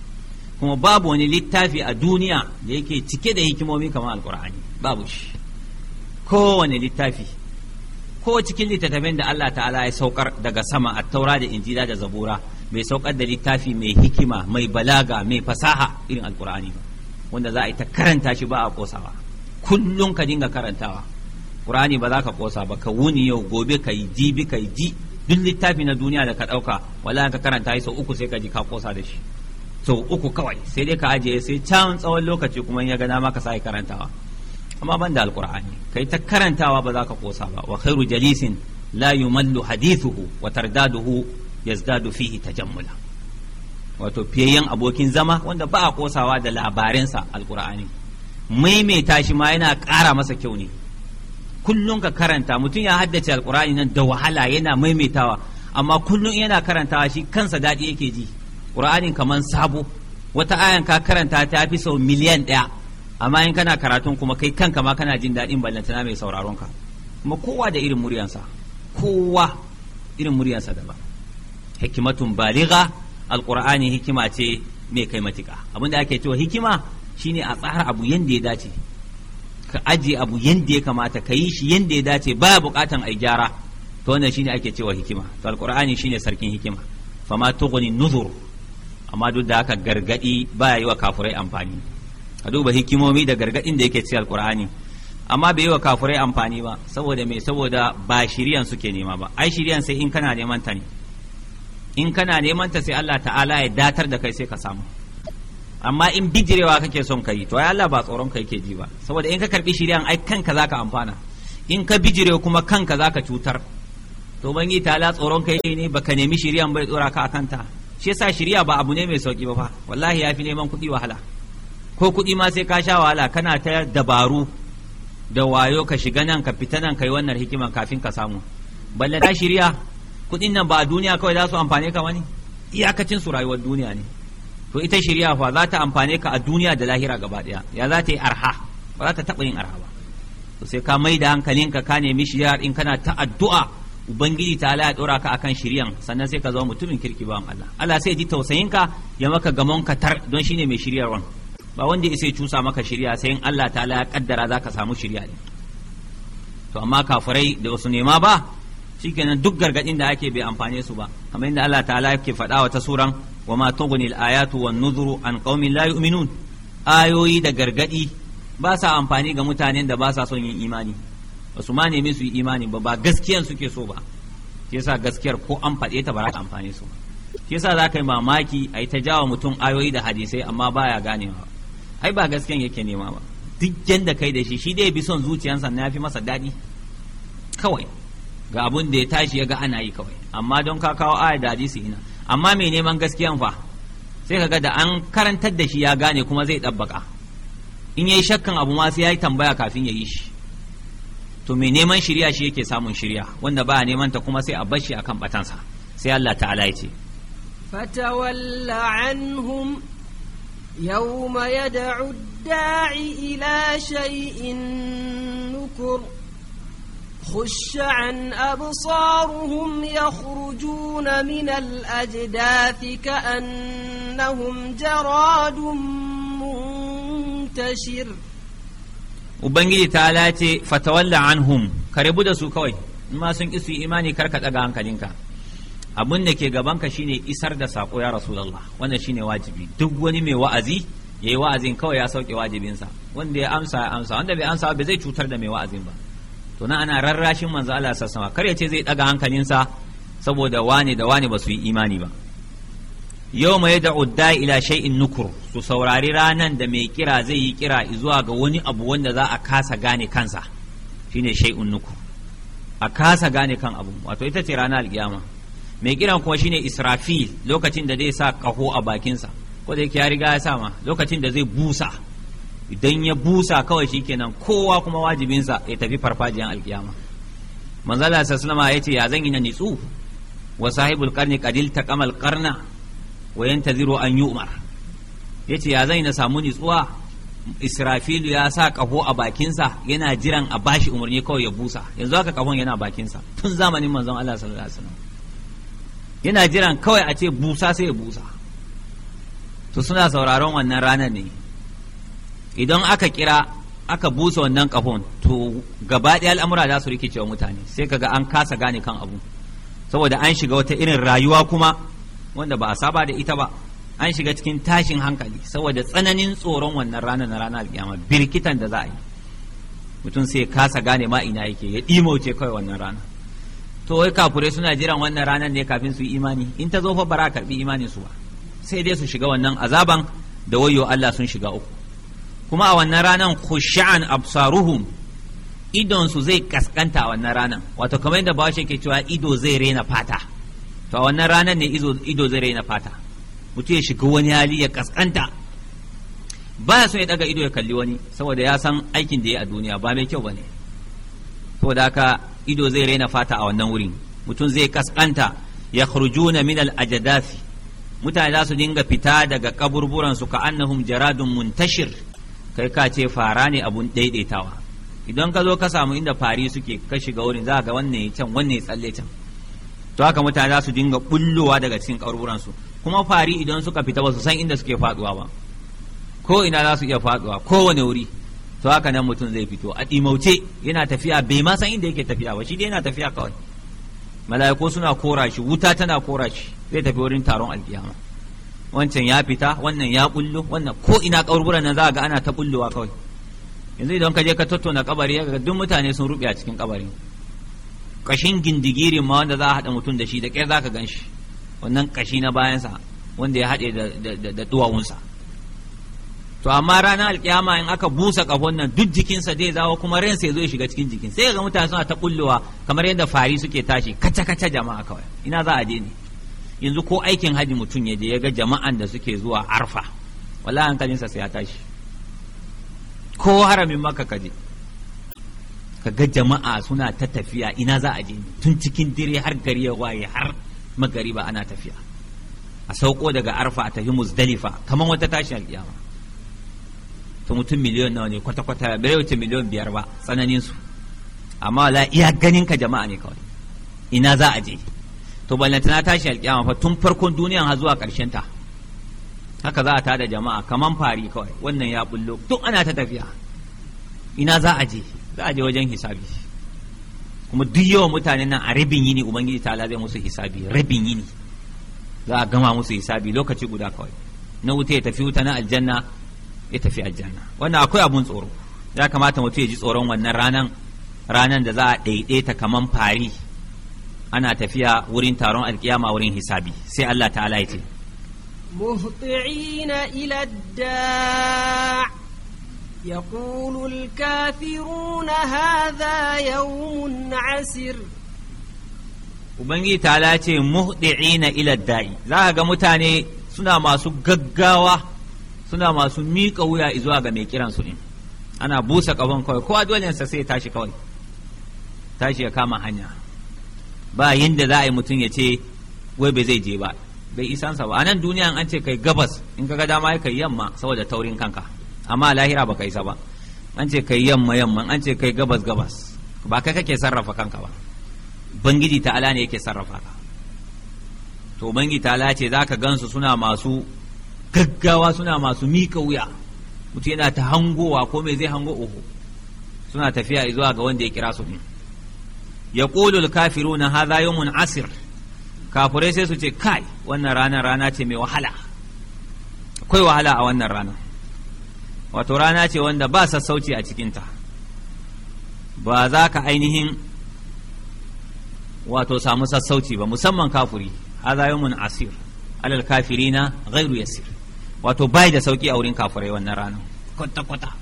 kuma babu wani littafi a duniya da yake cike da hikimomi kamar alkur'ani babu shi kowane littafi ko cikin littattafin da Allah ta'ala ya saukar daga sama a taura da injila da zabura mai saukar da littafi mai hikima mai balaga mai fasaha irin alkur'ani ba wanda za a yi ta karanta shi ba a kosawa kullum ka dinga karantawa qur'ani ba za ka kosa ba ka wuni yau gobe ka yi jibi ka yi ji duk littafi na duniya da ka dauka wala ka karanta shi uku sai ka ji ka kosa da shi sau uku kawai sai dai ka ajiye sai can tsawon lokaci kuma ya gana maka sai karantawa amma ban da alqur'ani kai ta karantawa ba za ka kosa ba wa khairu jalisin la yumallu hadithuhu wa tardaduhu yazdadu fihi tajammula wato fiyayyen abokin zama wanda ba a kosawa da labarinsa alkur'ani maimaita shi ma yana ƙara masa kyau ne kullum ka karanta mutum ya haddace alkur'ani nan da wahala yana maimaitawa amma kullum yana karantawa shi kansa daɗi yake ji ƙur'anin kamar sabo wata ayan ka karanta ta fi sau miliyan ɗaya amma in kana karatun kuma kai kanka ma kana jin daɗin ballantana mai sauraron ka kuma kowa da irin muryansa kowa irin muryansa daban hikimatun baliga alqur'ani hikima ce mai kai matuka abinda ake cewa hikima shine a tsara abu yanda ya dace ka aje abu yanda ya kamata ka yi shi yanda ya dace ba bukatan ai gyara to wannan shine ake cewa hikima to alqur'ani shine sarkin hikima fama tughni nuzur amma duk da haka gargadi baya yi wa kafurai amfani ka duba hikimomi da gargadin da yake cikin alqur'ani amma bai yi wa kafurai amfani ba saboda mai saboda ba shiriyan suke nema ba ai shiriyan sai in kana neman ta ne in kana neman ta sai Allah ta'ala ya datar da kai sai ka samu amma in bijirewa kake son kai to ai Allah ba tsoron kai ke ji ba saboda in ka karbi shiriyan ai kanka zaka amfana in ka bijire kuma kanka zaka cutar to ban yi ta'ala tsoron kai ne baka nemi shiriyan bai tsora ka akan ta shi yasa shiriya ba abu ne mai sauki ba fa wallahi yafi neman kuɗi wahala ko kuɗi ma sai ka sha wahala kana ta dabaru da wayo ka shiga nan ka fita nan kai wannan hikiman kafin ka samu balle ta shirya kuɗin nan ba a duniya kawai za su amfane ka wani iyakacin su rayuwar duniya ne to ita shari'a fa za ta amfane ka a duniya da lahira gaba ɗaya ya za ta yi arha ba za ta taɓa yin arha ba to sai ka mai da hankalinka ka nemi shari'a in kana ta addu'a ubangiji ta ala ya dora ka akan shari'an sannan sai ka zama mutumin kirki bawan Allah Allah sai ji tausayin ka ya maka gamon ka tar don shine mai wan ba wanda sai cusa maka shirya sai in Allah ta ala ya kaddara zaka samu shirya ne to amma kafirai da wasu nema ba shikenan duk gargadin da ake bai amfane su ba kamar yadda Allah ta'ala yake faɗa wa ta suran wa ma tughni al-ayatu wan nuzuru an qaumin la yu'minun ayoyi da gargadi ba sa amfani ga mutanen da ba sa son yin imani ba su ma nemi su yi imani ba ba gaskiyan suke so ba shi yasa gaskiyar ko an faɗe ta ba za amfane su shi yasa za ka yi mamaki a yi ta jawa mutum ayoyi da hadisai amma baya ganewa ai ba gaskiyan yake nema ba duk yanda kai da shi shi dai bi son zuciyarsa na fi masa daɗi kawai ga abun da ya tashi ya ga ana yi kawai amma don ka kawo aya da hadisi ina amma mai neman gaskiyan fa sai kaga da an karantar da shi ya gane kuma zai ɗabbaka in yayi shakkan abu ma sai yayi tambaya kafin ya yi shi to mai neman shirya shi yake samun shirya wanda ba neman ta kuma sai a bar shi akan batansa sai Allah ta'ala ya ce fatawalla anhum yawma yad'u da'i ila shay'in nukur خش عن أبصارهم يخرجون من الأجداث كأنهم جراد منتشر Ubangiji ta lace fatawalla anhum ka rabu da su kawai in ma sun isu imani kar ka ɗaga hankalinka abin da ke gabanka shine isar da sako ya rasulullah wannan shine wajibi duk wani mai wa'azi yayi wa'azin kawai ya sauke wajibinsa wanda ya amsa ya amsa wanda bai amsa ba zai cutar da mai wa'azin ba to na ana rarrashin manzo Allah sassama kar ya ce zai daga hankalinsa saboda wani da wani ba yi imani ba yau mai da udda ila shay'in nukur su saurari ranan da mai kira zai yi kira zuwa ga wani abu wanda za a kasa gane kansa shine shay'un nukur a kasa gane kan abu wato ita ce ranar alkiyama mai kiran kuma shine israfil lokacin da zai sa kaho a bakinsa ko da yake ya riga ya sama lokacin da zai busa idan ya busa kawai shikenan kowa kuma wajibinsa ya tafi farfajiyan alkiyama manzala sunama ya ce ya zan yi na nitsu wa sahibul qarni ta kamal karna wa ta ziro an yi umar ya zan yi na samu nitsuwa israfilu ya sa kaho a bakinsa yana jiran a bashi umarni kawai ya busa yanzu haka kahon yana bakinsa tun zamanin manzon Allah sallallahu alaihi wasallam yana jiran kawai a ce busa sai ya busa to suna sauraron wannan ranar ne idan aka kira aka busa wannan kafon to gaba ɗaya al'amura za su wa mutane sai ka ga an kasa gane kan abu saboda an shiga wata irin rayuwa kuma wanda ba a saba da ita ba an shiga cikin tashin hankali saboda tsananin tsoron wannan rana na ranar alƙiyama birkitan da za a yi mutum sai kasa gane ma ina yake ya ɗimauce kawai wannan rana to wai kafurai suna jiran wannan ranar ne kafin su yi imani in ta zo fa bara karbi imanin su ba sai dai su shiga wannan azaban da wayo Allah sun shiga uku kuma a wannan ranan khushan absaruhum idon su zai kaskanta a wannan ranan wato kamar yadda bawashi ke cewa ido zai rena fata to a wannan ranan ne ido zai rena fata mutum ya shiga wani hali ya kaskanta ba ya so ya daga ido ya kalli wani saboda ya san aikin da ya a duniya ba mai kyau bane saboda haka ido zai rena fata a wannan wurin mutum zai kaskanta ya khurjuna min al ajadafi mutane za su dinga fita daga kaburburan su ka annahum jaradun muntashir kai ka ce fara ne abun daidaitawa idan ka zo ka samu inda fari suke ka shiga wurin za ga wannan ya can wannan ya tsalle can to haka mutane za su dinga bullowa daga cikin karuran su kuma fari idan suka fita ba su san inda suke faduwa ba ko ina za su iya faduwa kowane wuri to haka nan mutum zai fito a dimauce yana tafiya bai ma san inda yake tafiya ba shi dai yana tafiya kawai mala'iku suna kora shi wuta tana kora shi zai tafi wurin taron alkiyama wancan ya fita wannan ya bullo wannan ko ina kaburburan nan za ga ana ta bullowa kawai yanzu idan ka je ka tattauna kabari ya ga duk mutane sun rube a cikin kabarin kashin gindigirin ma wanda za a haɗa mutum da shi da ƙyar za ka gan wannan kashi na bayansa wanda ya haɗe da duwawunsa to amma ranar alkiyama in aka busa ƙahon nan duk jikinsa zai zawo kuma ransa ya zo ya shiga cikin jikin sai ga mutane suna ta bullowa kamar yadda fari suke tashi kaca kaca jama'a kawai ina za a je ne yanzu ko aikin haji mutum ya je ya ga jama'an da suke zuwa arfa wala hankalinsa sai ya tashi ko haramin maka ka je ka ga jama'a suna ta tafiya ina za a je tun cikin dire har gari ya waye har magariba ana tafiya a sauko daga arfa a tafi muzdalifa kamar wata tashin alƙiyama to mutum miliyon nawa ne kwata-kwata bai wuce miliyon biyar ba tsananin su amma la iya ganin ka jama'a ne kawai ina za a je to ballantana tashi alkiyama fa tun farkon duniyan har zuwa karshen ta haka za a tada jama'a kaman fari kawai wannan ya bullo duk ana ta tafiya ina za a je za a je wajen hisabi kuma duk yawan mutanen nan a rabin yini ubangiji ta zai musu hisabi rabin yini za a gama musu hisabi lokaci guda kawai na wuta ya tafi wuta na aljanna ya tafi aljanna wannan akwai abun tsoro ya kamata mutum ya ji tsoron wannan ranan ranan da za a ɗaiɗaita kaman fari ana tafiya wurin taron alkiyama wurin hisabi sai Allah ta'ala ya ce مهطعين إلى الداع يقول الكافرون هذا يوم عسر Ubangiji ta ce na ila da'i za ga mutane suna masu gaggawa suna masu miƙa wuya zuwa ga mai kiran su ana busa ƙahon kawai kowa dole sai tashi kawai tashi ya kama hanya ba yinda za a yi mutum ya ce wai bai zai je ba bai isansa ba a nan duniya an ce kai gabas in ka ga dama kai yamma saboda taurin kanka amma lahira baka isa ba an ce kai yamma yamma an ce kai gabas gabas ba kai kake sarrafa kanka ba bangiji ta ala ne yake sarrafa ka to bangi ala ce za ka gansu suna masu gaggawa suna masu mika wuya mutum yana ta hangowa ko me zai hango oho suna tafiya zuwa ga wanda ya kira su din yaqulu al-kafiruna hadha yawmun asir kafirai sai su ce kai wannan rana rana ce mai wahala akwai wahala a wannan rana wato rana ce wanda ba sassauci a cikinta ba za ka ainihin wato samu sassauci ba musamman kafuri hadha yawmun asir alal na ghairu yasir wato bai da sauki a wurin kafirai wannan rana kwata kwata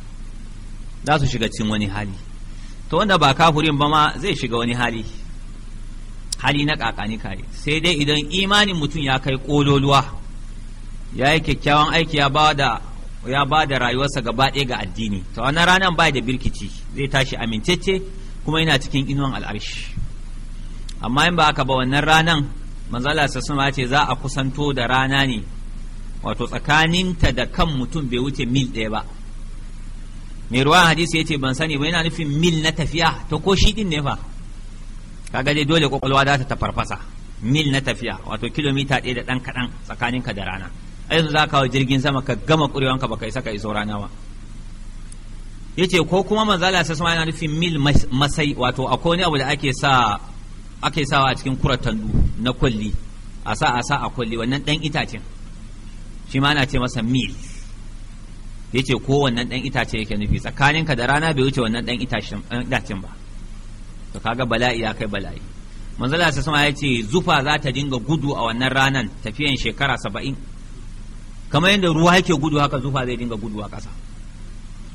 za su shiga cikin wani hali to wanda ba kafurin ba ma zai shiga wani hali hali na kakani kare sai dai idan imanin mutum ya kai kololuwa ya yi kyakkyawan aiki ya ba da rayuwarsa gaba ɗaya ga addini to wannan ranar ba da birkici zai tashi amintacce kuma yana cikin inuwan al'arshi amma in ba aka ba wannan ranar, manzala sassuma ce za a kusanto da rana ne wato tsakaninta da kan mutum bai wuce mil ɗaya ba mai ruwa hadisi ya ce ban sani ba yana nufin mil na tafiya ta ko shi din ne fa kaga dai dole kwakwalwa za ta tafarfasa mil na tafiya wato kilomita ɗaya da ɗan kaɗan tsakanin ka da rana a yanzu za ka jirgin sama ka gama ƙurewanka ba ka isa ka iso rana ba ce ko kuma manzala sai sama yana nufin mil masai wato akwai wani abu da ake sa ake sawa a cikin kuratandu na kwalli a sa a sa a kwalli wannan ɗan itacen shi ma ana ce masa mil yace ko wannan dan itace yake nufi tsakanin ka da rana bai wuce wannan dan eh, itacen ba to kaga bala'i ya kai bala'i manzo Allah sama ya ce zufa za ta dinga gudu a wannan ranan tafiyan shekara saba'in kamar yadda ruwa yake gudu haka zufa zai dinga gudu a ƙasa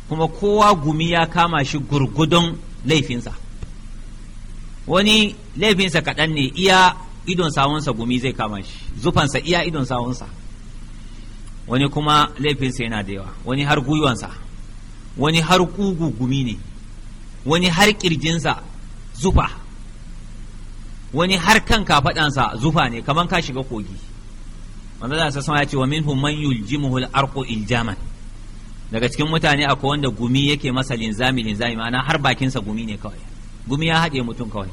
kuma kowa gumi ya kama shi gurgudun laifinsa wani laifinsa kaɗan ne iya idon sawunsa gumi zai kama shi zufansa iya idon sawunsa wani kuma laifinsa yana da yawa wani har gwiwansa wani har gumi ne wani har kirjinsa zufa wani har kan kafadansa zufa ne kamar ka shiga kogi wanda za a ya ce wa minhum man yuljimuhu arqu iljaman daga cikin mutane akwai wanda gumi yake masa linzami linzami ma'ana har bakinsa gumi ne kawai gumi ya haɗe mutum kawai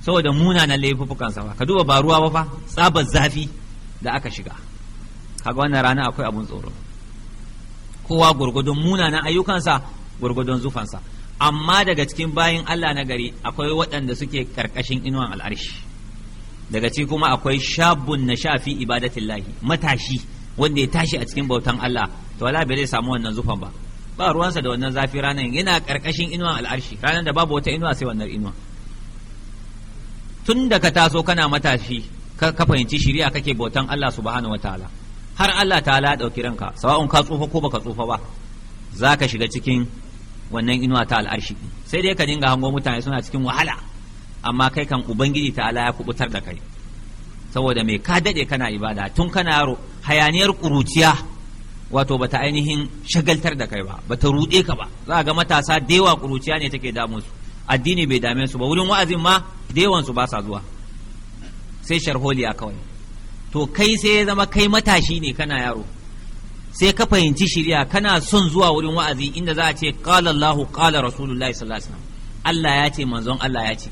saboda munanan laifuffukansa ba ka duba ba ruwa ba fa tsabar zafi da aka shiga kaga wannan rana akwai abun tsoro kowa gurgudun munanan ayyukansa gurgudun zufansa amma daga cikin bayin Allah na gari akwai waɗanda suke karkashin inuwan al'arshi daga cikin kuma akwai shabun na shafi lahi matashi wanda ya tashi a cikin bautan Allah to wala bai samu wannan zufan ba ba ruwansa da wannan zafi ranar yana karkashin inuwan al'arshi ranar da babu wata inuwa sai wannan inuwa tun da ka taso kana matashi ka fahimci shari'a kake bautan Allah subhanahu wataala har Allah ta'ala ya ɗauki ranka sawa'un ka tsufa ko baka tsufa ba za ka shiga cikin wannan inuwa ta al'arshi sai dai ka dinga hango mutane suna cikin wahala amma kai kan ubangiji ala ya kubutar da kai saboda mai ka daɗe kana ibada tun kana yaro hayaniyar ƙuruciya wato bata ainihin shagaltar da kai ba bata ruɗe ka ba za ga matasa da ƙuruciya ne take damun su addini bai dame su ba wurin wa'azin ma da su ba sa zuwa sai sharholiya kawai to kai sai ya zama kai matashi ne kana yaro sai ka fahimci shirya kana son zuwa wurin wa'azi inda za a ce qala Allahu qala Rasulullah sallallahu alaihi wasallam Allah ya ce manzon Allah ya ce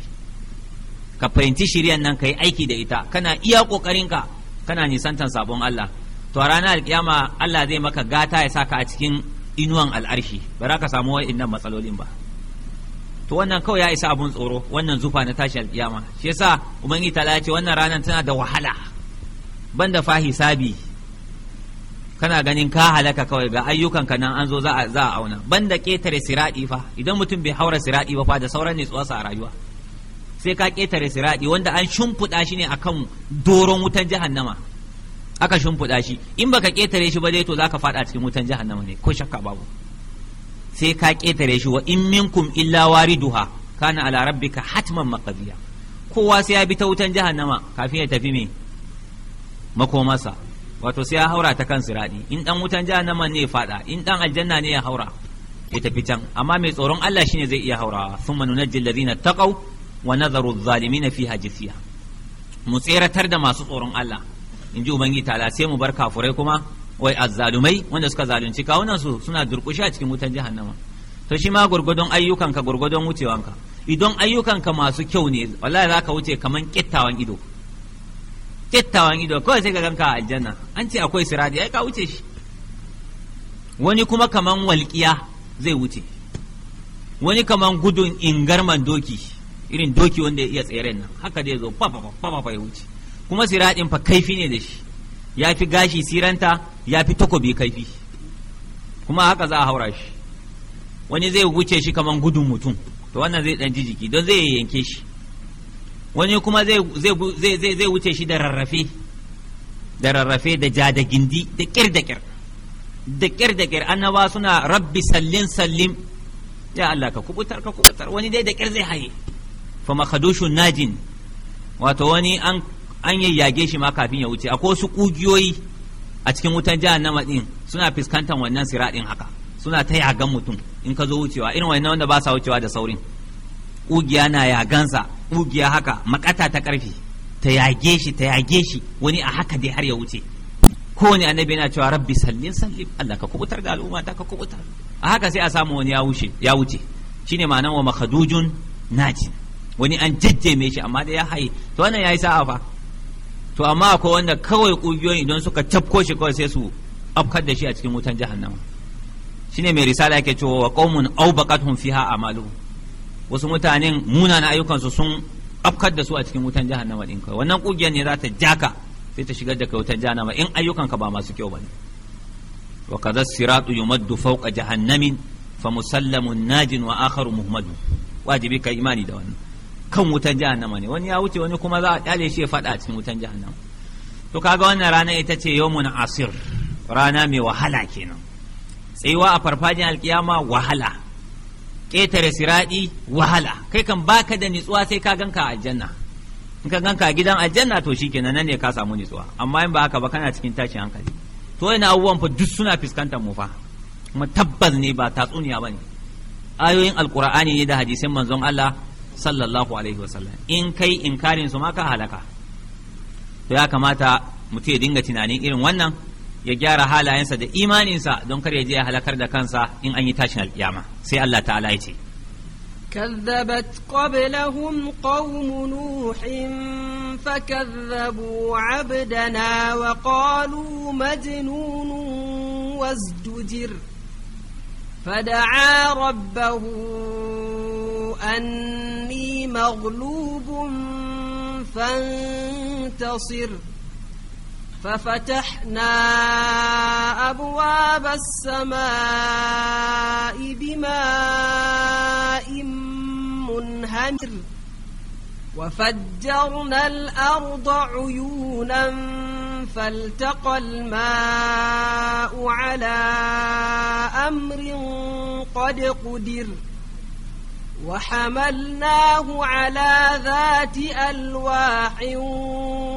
ka fahimci shiryan nan kai aiki da ita kana iya ka kana nisantan sabon Allah to a ranar alkiyama Allah zai maka gata ya saka a cikin inuwan al'arshi ba za ka samu wa'annan matsalolin ba to wannan kawai ya isa abun tsoro wannan zufa na tashi alkiyama shi yasa ubangiji ta ce wannan ranar tana da wahala banda fa hisabi kana ganin ka halaka kawai ga ayyukanka nan an zo za a za auna banda ketare siradi fa idan mutum bai haura siradi ba fa da sauran ne a rayuwa sai ka ketare siradi wanda an shimfiɗa shi ne akan doron wutan jahannama aka shimfiɗa shi in baka ketare shi ba dai to zaka faɗa cikin wutan jahannama ne ko shakka babu sai ka ketare shi wa in minkum illa wariduha kana ala rabbika hatman maqdiya kowa sai ya bi ta wutan jahannama kafin ya tafi me makomasa wato sai ya haura ta kan siradi in dan wutan jahannama ne ya fada in dan aljanna ne ya haura ya tafi can amma mai tsoron Allah shine zai iya haurawa thumma nunajji na taqaw wa nadharu adh-dhalimina fiha jithiya mu tseratar da masu tsoron Allah in ji ubangiji ta sai mu bar kafurai kuma wai azzalumai wanda suka zalunci kawunan su suna durkushe a cikin wutan jahannama to shi ma gurgudun ayyukanka gurgudun wucewanka idan ayyukanka masu kyau ne wallahi zaka wuce kaman kittawan ido kyattawan ido kawai sai ka ganka a aljanna an ce akwai siradi ai ka wuce shi wani kuma kaman walƙiya zai wuce wani kaman gudun ingarman doki irin doki wanda ya iya tseren nan haka dai zo fafafa ya wuce kuma siradin fa kaifi ne da shi ya fi gashi siranta ya fi takobi kaifi kuma haka za a haura shi wani zai wuce shi kaman gudun mutum to wannan zai ɗan ji jiki don zai yanke shi wani kuma zai wuce shi da rarrafe da rarrafe da ja da gindi da kir da kir da kir da kir annaba suna rabbi sallin sallim ya Allah ka kubutar ka kubutar wani dai da kir zai haye fa makadushu najin wato wani an an yayyage shi ma kafin ya wuce akwai wasu kugiyoyi a cikin wutan jahannama din suna fuskantar wannan siradin haka suna ta yagan mutum in ka zo wucewa irin wannan wanda ba sa wucewa da saurin ƙugiya na yagansa ƙugiya haka makata ta ƙarfi ta yage shi ta yage shi wani a haka dai har ya wuce kowane annabi yana cewa rabbi sallin sallim Allah ka kubutar da al'umma ta ka kubutar a haka sai a samu wani ya wuce ya wuce shine ma'anar wa makhadujun naji wani an mai shi amma dai ya haye to wannan yayi sa'a fa to amma ko wanda kawai ƙugiyoyin idan suka tafko shi kawai sai su afkar da shi a cikin wutan jahannama shine mai risala yake cewa wa qaumun aw baqathum fiha amaluhum wasu mutanen munana ayyukansu sun afkar da su a cikin wutan jahannama din kai wannan kugiyar ne za ta jaka sai ta shigar da kai wutan jahannama in ayyukanka ba masu kyau bane wa kadha siratu yumaddu fawqa jahannamin fa musallamun najin wa akharu muhammadu wajibi kai imani da wannan kan wutan jahannama ne wani ya wuce wani kuma za a kyale shi ya fada a cikin wutan jahannama to kaga wannan rana ita ce yawmun asir rana mai wahala kenan tsayuwa a farfajin alkiyama wahala ƙetare siraɗi wahala kai kan baka da nitsuwa sai ka ganka a aljanna in ka ganka a gidan aljanna to shikenan nan ne ka samu nitsuwa amma in ba haka ba kana cikin tashin hankali to yana abubuwan fa duk suna fuskantar mu fa kuma tabbas ne ba tatsuniya bane ayoyin alqur'ani ne da hadisin manzon Allah sallallahu alaihi wasallam in kai inkarin su ma ka halaka to ya kamata mutum ya dinga tunanin irin wannan ya gyara halayensa da imaninsa don kar ya je ya halakar da kansa in an yi tashin alkiyama sai Allah ta'ala ya ce كذبت قبلهم قوم نوح فكذبوا عبدنا وقالوا مجنون وازدجر فدعا ربه أني مغلوب فانتصر ففتحنا أبواب السماء بماء منهمر وفجرنا الأرض عيونا فالتقى الماء على أمر قد قدر وحملناه على ذات ألواح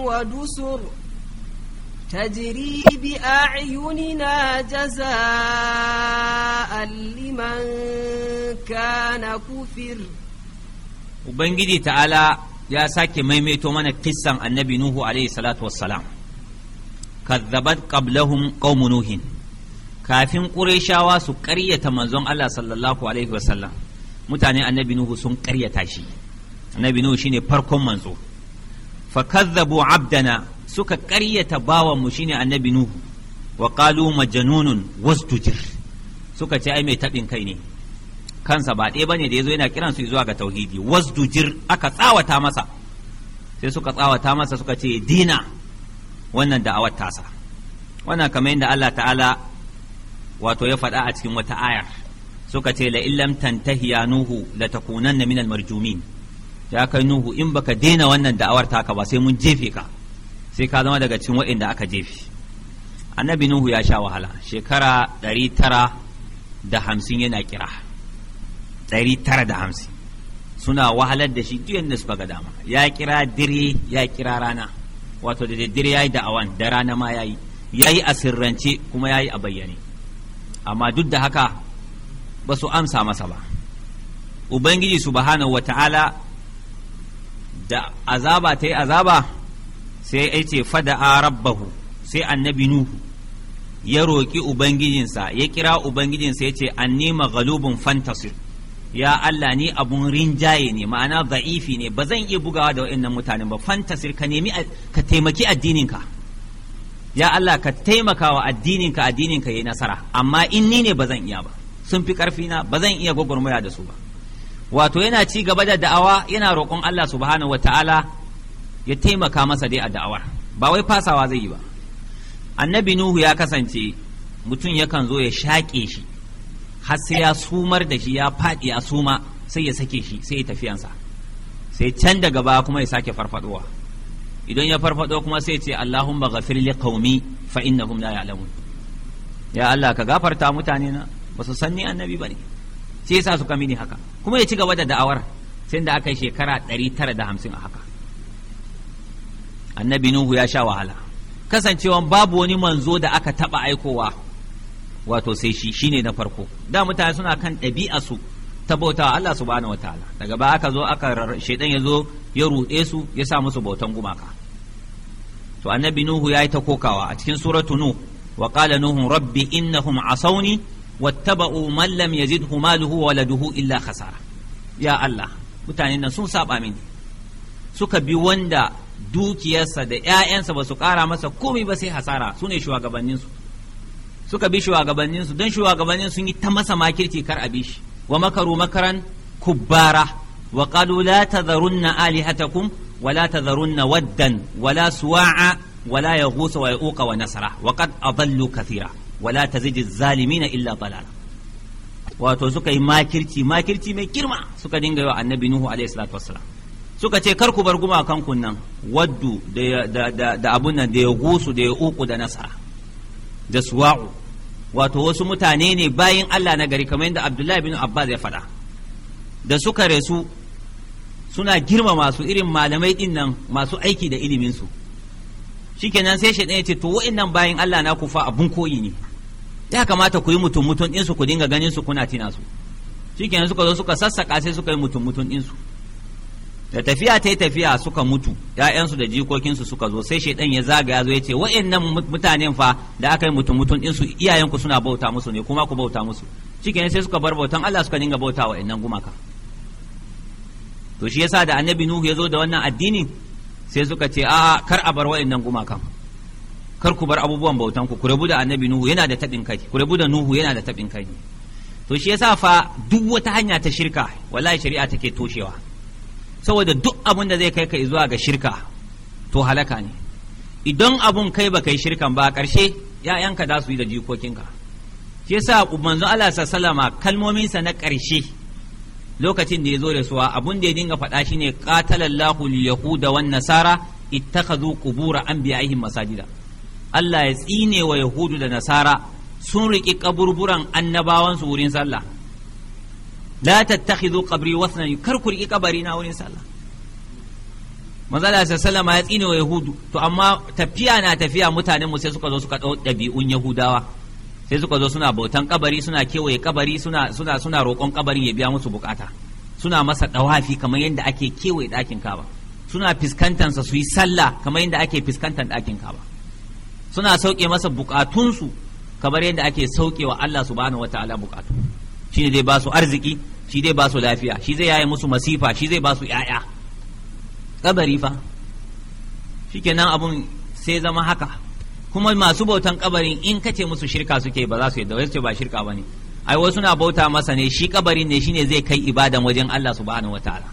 ودسر تجري بأعيننا جزاء لمن كان كفر Ubangiji ta'ala ya sake maimaito mana kissan annabi Nuhu alaihi salatu wassalam, kazzabat qablahum qaumu Nuhin, kafin ƙureshawa su ƙaryata manzon Allah sallallahu alaihi wasallam, mutane annabi Nuhu sun karyata shi, annabi Nuhu shine farkon manzo, fa kazzabu abdana suka ƙaryata bawan mu shine annabi nuhu wa qalu majnunun wasdujir suka ce ai mai tabin kai ne kansa ba ɗaya bane da yazo yana kiran su zuwa ga tauhidi wasdujir aka tsawata masa sai suka tsawata masa suka ce dina wannan da'awar tasa wannan kamar yadda Allah ta'ala wato ya faɗa a cikin wata ayar suka ce la illam tantahi ya nuhu la takunanna minal marjumin ya kai nuhu in baka daina wannan da'awar taka ba sai mun jefe ka sai ka zama daga cikin waɗanda aka jefi annabi nuhu ya sha wahala shekara ɗari tara da hamsin yana kira ɗari tara da hamsin suna wahalar da shi duk yadda suka ga dama ya kira dire ya kira rana wato da dire ya yi da awan da rana ma ya yi ya yi a sirrance kuma ya yi a bayyane amma duk da haka ba su amsa masa ba ubangiji subhanahu wa ta'ala da azaba ta yi azaba sai ya ce fada'a rabbahu sai annabi nuhu ya roƙi ubangijinsa ya kira ubangijinsa ya ce anni galubin fantasir ya Allah ni abun rinjaye ne ma'ana za'ifi ne ba zan iya bugawa da wa'annan mutanen ba fantasir ka nemi ka taimaki addininka ya Allah ka taimaka wa addininka addininka yi nasara amma in ni ne ba zan iya ba sun fi karfi na ba zan iya gwagwarmaya da su ba wato yana ci gaba da da'awa yana roƙon Allah subhanahu Taala. ya taimaka masa dai a da'awar ba wai fasawa zai yi ba annabi nuhu ya kasance mutum yakan zo ya shaƙe shi har sai ya sumar da shi ya faɗi a suma sai ya sake shi sai ya tafiyansa sai can daga baya kuma ya sake farfadowa idan ya farfado kuma sai ce ba ghafir li qaumi fa innahum la ya'lamun ya Allah ka gafarta mutane na ba su san ni annabi ba ne sai yasa suka ni haka kuma ya ci gaba da da'awar sai da aka yi shekara 950 a haka annabi nuhu ya sha wahala kasancewa babu wani manzo da aka taba aikowa wato sai shi shine na farko da mutane suna kan ɗabi'a su ta bautawa Allah subhanahu wataala daga ba aka zo aka shaidan ya zo ya ruɗe su ya sa musu bautan gumaka to annabi nuhu ya yi ta kokawa a cikin suratu nuh wa qala nuhu rabbi innahum asawni wattaba'u man lam yazidhu maluhu wa waladuhu illa khasara ya Allah mutane nan sun saba mini suka bi wanda dukiyarsa da 'ya'yansa ba su ƙara masa komai ba sai hasara su ne shugabanninsu suka bi shugabanninsu don shugabannin sun yi ta masa makirci kar a bi shi wa makaru makaran kubbara wa qalu la tadharunna alihatakum wa la tadharunna waddan wa la suwa'a wa la yaghus wa yauqa wa nasara wa qad adallu kathira wa la tazidi zalimina illa dalala wato suka yi makirci makirci mai girma suka dinga yi wa annabi nuhu alaihi salatu wassalam suka ce kar ku bar gumakan kun nan waddu da abun nan da ya gusu da ya uku da nasara da suwa'u wato wasu mutane ne bayin Allah na gari kamar yadda Abdullahi bin Abbas ya faɗa da suka resu suna girma masu irin malamai din nan masu aiki da ilimin su shikenan sai shaidan ya ce to wa'annan bayin Allah na ku fa abun koyi ne ya kamata ku yi mutum mutum din su ku dinga ganin su kuna tina su shikenan suka zo suka sassaka sai suka yi mutum mutum din su da tafiya ta yi tafiya suka mutu ‘ya'yansu da jikokinsu suka zo sai shaidan ya zaga ya zo ya ce nan mutanen fa da aka yi mutum mutum ɗinsu iyayenku suna bauta musu ne kuma ku bauta musu cikin sai suka bar bautan Allah suka dinga bauta nan gumaka to shi yasa da annabi nuhu ya zo da wannan addini sai suka ce a kar a bar nan gumakan kar ku bar abubuwan bautan ku ku rabu da annabi nuhu yana da taɓin kai ku rabu da nuhu yana da taɓin kai to shi yasa fa duk wata hanya ta shirka wallahi shari'a take toshewa saboda duk abun da zai kai ka zuwa ga shirka to halaka ne idan abun kai ba kai shirkan ba ƙarshe ‘ya'yanka za su yi da jikokinka shi yasa manzon Allah sallama kalmominsa na ƙarshe lokacin da ya zo da suwa abun da ya dinga faɗa shine qatalallahu yahuda wan nasara ittakhadhu qubur anbiya'ihim masajida Allah ya tsine wa yahudu da nasara sun riƙi kaburburan annabawansu wurin sallah la tattakhidhu qabri wathnan kar ku riki kabari na wurin sallah manzala sallama ya tsine wa yahudu to amma tafiya na tafiya mutanen mu sai suka zo suka dau dabi'un yahudawa sai suka zo suna bautan kabari suna kewaye kabari suna suna suna roƙon kabarin ya biya musu bukata suna masa dawafi kamar yadda ake kewaye ɗakin kaba suna fiskantansa su yi sallah kamar yadda ake fiskantan ɗakin kaba suna sauke masa bukatunsu kamar yadda ake sauke wa Allah subhanahu wataala bukatu shi ne zai ba su arziki shi zai ba su lafiya shi zai yaye musu masifa shi zai ba su ‘ya'ya kabari fa shikenan abun sai zama haka kuma masu bautan kabarin in kace musu shirka suke ba za su yadda wasu ba shirka bane ai wasu na bauta masa ne shi kabarin ne shine zai kai ibadan wajen Allah subhanahu wataala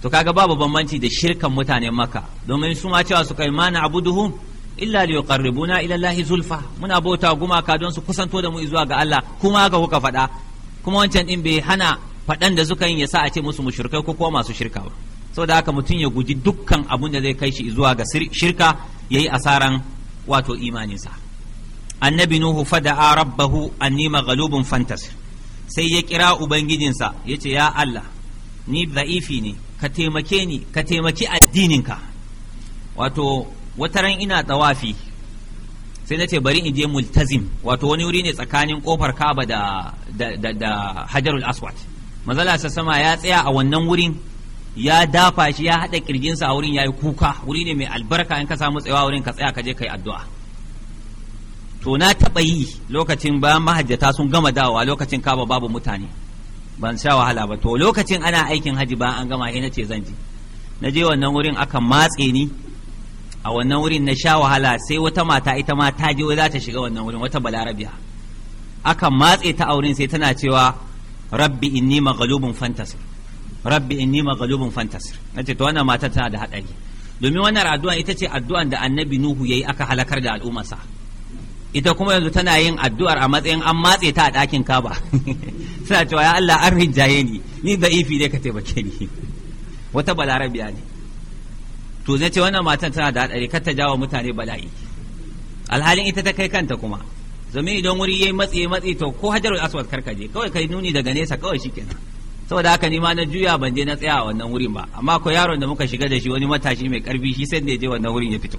to kaga babu bambanci da shirkan mutanen maka domin su ma cewa su kai mana abuduhum illa li yuqarribuna ila Allah zulfa muna bauta gumaka don su kusanto da mu zuwa ga Allah kuma haka kuka faɗa kuma wancan din bai hana faɗan da suka yin ya sa a ce musu mushrikai ko kuma masu shirka ba saboda haka mutum ya guji dukkan abun da zai kai shi zuwa ga shirka yayi asaran wato imaninsa annabi nuhu fada'a rabbahu anni maghlubun Fantas. sai ya kira ubangijinsa yace ya Allah ni da'ifi ne ka taimake ni ka taimaki addininka wato wataran ina tawafi sai na ce bari in je multazim wato wani wuri ne tsakanin kofar kaba da da hajarul aswad mazala sa sama ya tsaya a wannan wurin ya dafa shi ya haɗa kirjinsa a wurin ya yi kuka wuri ne mai albarka in ka samu tsayawa wurin ka tsaya ka je ka yi addu'a to na taɓa yi lokacin bayan mahajjata sun gama dawowa lokacin kaba babu mutane ban sha wahala ba to lokacin ana aikin haji ba an gama sai eh na ce zan je na je wannan wurin aka matse ni a wannan wurin na sha wahala sai wata mata ita ma ta je za ta shiga wannan wurin wata balarabiya akan matse ta auren sai tana cewa rabbi inni maghlubun fantasir rabbi inni maghlubun fantasir nace to wannan mata tana da hadari domin wannan addu'a ita ce addu'an da annabi nuhu yayi aka halakar da al'ummarsa ita kuma yanzu tana yin addu'ar a matsayin an matse ta a ɗakin kaba suna cewa ya Allah an rinjaye ni ni da ifi ne ka taimake ni wata balarabiya ne to na ce wannan matan tana da hadari kar ta jawo mutane bala'i alhalin ita ta kai kanta kuma domin idan wuri yayi matsi matsi to ko hajarul aswad karkaje kawai kai nuni daga nesa kawai shikenan saboda haka ni ma na juya ban je na tsaya a wannan wurin ba amma ko yaron da muka shiga da shi wani matashi mai karfi shi sai da je wannan wurin ya fito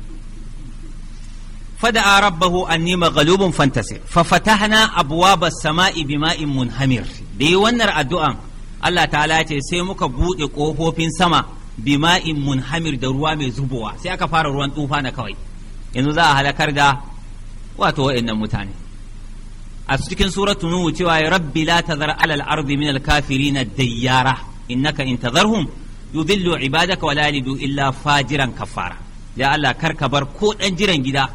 fada'a rabbahu anni maghlubun fantasir fa fatahna abwaba samai bima'in munhamir da yi wannan addu'an Allah ta'ala ce sai muka buɗe kofofin sama bima'in munhamir da ruwa mai zubowa sai aka fara ruwan tsufa na kawai yanzu za a halakar da wato wa'annan mutane a cikin suratu nuhu cewa ya rabbi la tazar alal ardi min alkafirina dayyara innaka in tazarhum yudhillu ibadaka wa la yalidu illa fajiran kafara ya Allah kar ka bar ko dan jiran gida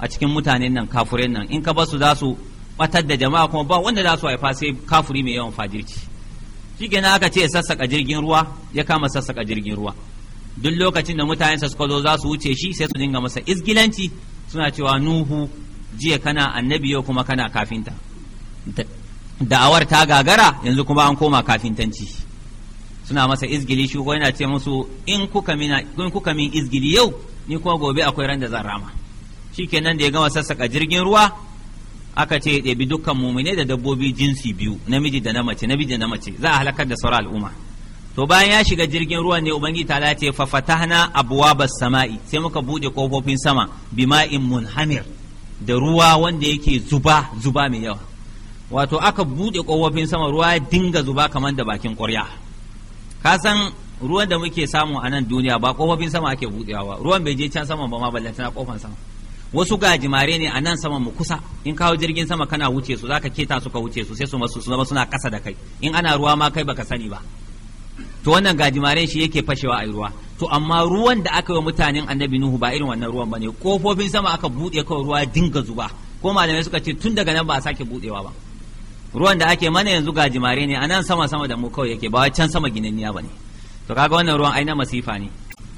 a cikin mutanen nan kafuren nan in ka basu za su batar da jama'a kuma ba wanda za su haifa sai kafuri mai yawan fajirci shikenan aka ce sassaƙa jirgin ruwa ya kama sassaƙa jirgin ruwa duk lokacin da mutane suka zo za su wuce shi sai su dinga masa izgilanci suna cewa nuhu jiya kana annabi yau kuma kana kafinta da'awar ta gagara yanzu kuma an koma kafintanci suna masa izgili shi ko yana ce musu in kuka min izgili yau ni kuma gobe akwai ran da zan rama shikenan da ya gama sassaka jirgin ruwa aka ce ya ɗebi dukkan mumine da dabbobi jinsi biyu namiji da na mace namiji da na mace za a halakar da sauran al'umma to bayan ya shiga jirgin ruwan ne ubangiji ta ce fa fatahna abwabas sama'i sai muka buɗe kofofin sama bima'in munhamir da ruwa wanda yake zuba zuba mai yawa wato aka buɗe kofofin sama ruwa ya dinga zuba kamar da bakin ƙwarya ka san ruwan da muke samu a nan duniya ba kofofin sama ake budewa ruwan bai je can sama ba ma ballantana kofan sama wasu gajimare ne a nan sama mu kusa in kawo jirgin sama kana wuce su zaka keta su ka wuce su sai su masu zama suna kasa da kai in ana ruwa ma kai baka sani ba to wannan gajimaren shi yake fashewa a ruwa to amma ruwan da aka yi mutanen annabi nuhu ba irin wannan ruwan bane kofofin sama aka bude kawai ruwa dinga zuba ko malamai suka ce tun daga nan ba a sake budewa ba ruwan da ake mana yanzu gajimare ne a nan sama sama da mu kawai yake ba can sama ginanniya bane to kaga wannan ruwan ai na masifa ne